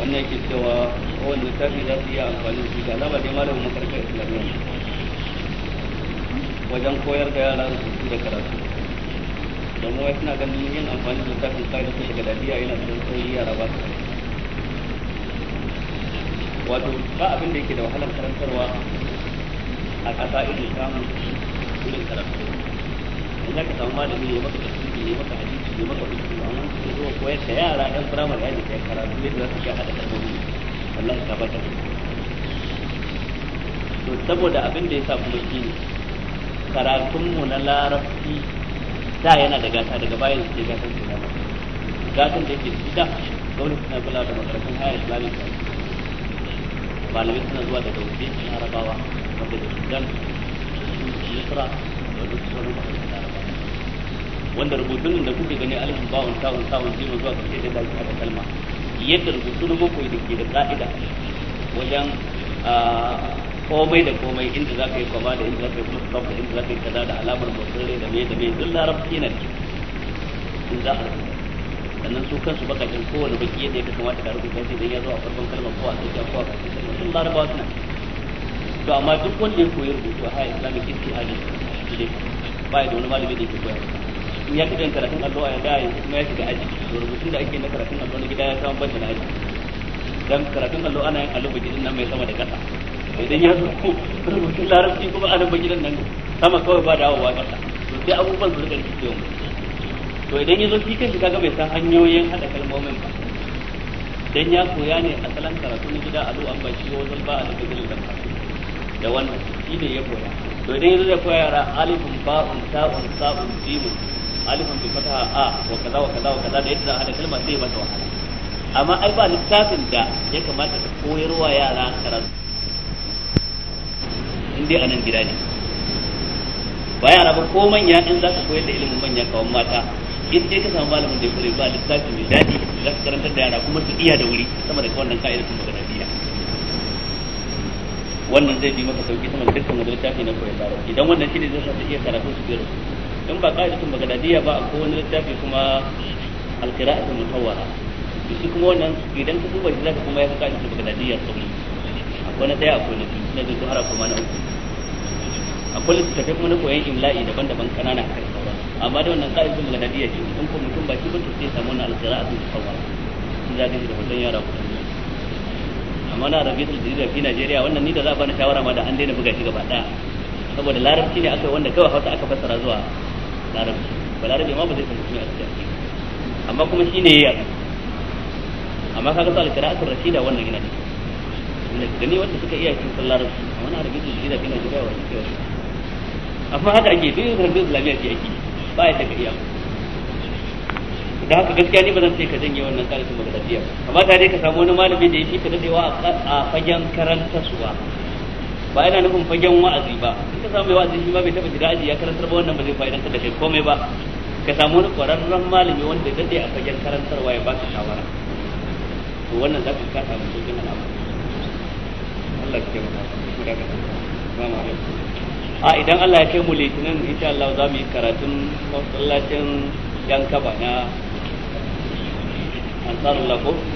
wannan yake cewa kowane littafi za su yi amfani da shi ga alama dai malamin makarantar islamiyya wajen koyar da yara rubutu da karatu domin wai suna ganin yin amfani da littafin kayan su daga lafiya yana da sauyi yara ba su wato ba abin da yake da wahalar karantarwa a ƙasa irin samun irin karatu in za ka samu malami ne maka suke ne maka hadisi ne maka rubutu amma ke koyar da yara yan firamare yadda ke karatu yadda za su sha hada kalmomi wallahi ka bata to saboda abin da ya sa kuma shi ne karatunmu na larabci da yana da gata daga bayan su ke gatan su na gatan da yake da gwamnati suna kula da makarantun haya islamic malamai suna zuwa daga wajen arabawa wanda da sudan misra da wajen sauran makarantun wanda rubutun da kuke gani alifin ba'un ta'un ta'un jima zuwa karshe da zaki haka kalma yadda rubutun na bakwai da ke da ka'ida wajen komai da komai inda za ka yi kwama da inda za ka yi kuma fuskaf da inda za ka yi kaza da alamar motsin da me da me duk larabci na ce in za a sannan su kansu bakakin kowane baki yadda ya kamata ka rubuta shi idan ya zo a farkon kalmar ko a tsakiya ko a ƙarshen kalmar sun larabawa suna to amma duk wanda ya koyi rubutu a haya islamic history a ne ba ya da wani malami da ke koyarwa in ya kidan karatun allo a yanda yanzu kuma ya shiga aji to rubutun da ake na karatun allo na gida ya samu banda na aji dan karatun allo ana yin allo gidan nan mai sama da kasa idan ya zo ko rubutun larabci kuma ana ba gidan nan sama kawai ba wa kasa to sai abubuwan su rika rikice mu to idan ya zo shi kanshi kaga bai san hanyoyin hada kalmomin ba dan ya koya ne a salon karatu na gida allo an ba shi wajen ba a daga gidan nan da wannan shi ne ya koya to idan ya zo ya koya yara alifun ba'un ta'un sa'un jimun alifun bi fataha a wa kaza wa kaza wa kaza da yadda hada kalma sai ba ta wahala amma ai ba littafin da ya kamata ka koyarwa yara karatu in anan gida ne ba yara ba ko manya in za ka koyar da ilimin manya kawan mata in dai ka samu malamin da ya koyar ba littafi mai daɗi za ka karantar da yara kuma su iya da wuri sama da wannan ka'idar sun magana biya wannan zai bi maka sauki sama da dukkan wani littafi na koyar da idan wannan shi ne zai sa ta iya karatu su biyar in ba qa'idatun bagdadiyya ba ko wani littafi kuma al-qira'atu mutawwara shi kuma wannan idan ka duba shi zaka kuma ya fi qa'idatun bagdadiyya sauri akwai na daya akwai na biyu na biyu har kuma na uku akwai littafi kuma na koyon imla'i daban-daban kanana a kai amma da wannan ƙa'idun magana ce in ko mutum ba shi ba to sai samu wannan alƙira'a sun tsawara sun zagin shi da hoton yara kuɗi amma na rabi da jirgin fi Najeriya wannan ni da za a bani shawara ma da an daina buga shi gaba ɗaya saboda larabci ne aka wanda kawai hausa aka fassara zuwa larabci balarabe ma ba zai san komai a cikin amma kuma shine ya yi amma kaga su alqira'atul rashida wannan yana da ne gani wanda suka iya cikin sallar su amma na da shi da kina jira wa cikin wasu amma haka ake duk rubutun islamiyya ce ake ba ya taka iya da haka gaskiya ni ba zan sai ka janye wannan kalifin magana biya amma ta dai ka samu wani malami da ya fi ka dadewa a fagen karanta suwa ba yana nufin fagen wa'azi ba in ka samu wa'azi shi ba bai taba shiga aji ya karantar ba wannan ba zai fa'idan fa'idantar da kai komai ba ka samu wani kwararren malami wanda ya dade a fagen karantarwa ya baka shawara to wannan za ka ka samu cikin al'amari Allah ya taimaka mu daga assalamu alaikum a idan Allah ya kai mu litinin insha Allah za mu yi karatun masallacin yan kaba na ansarullah ko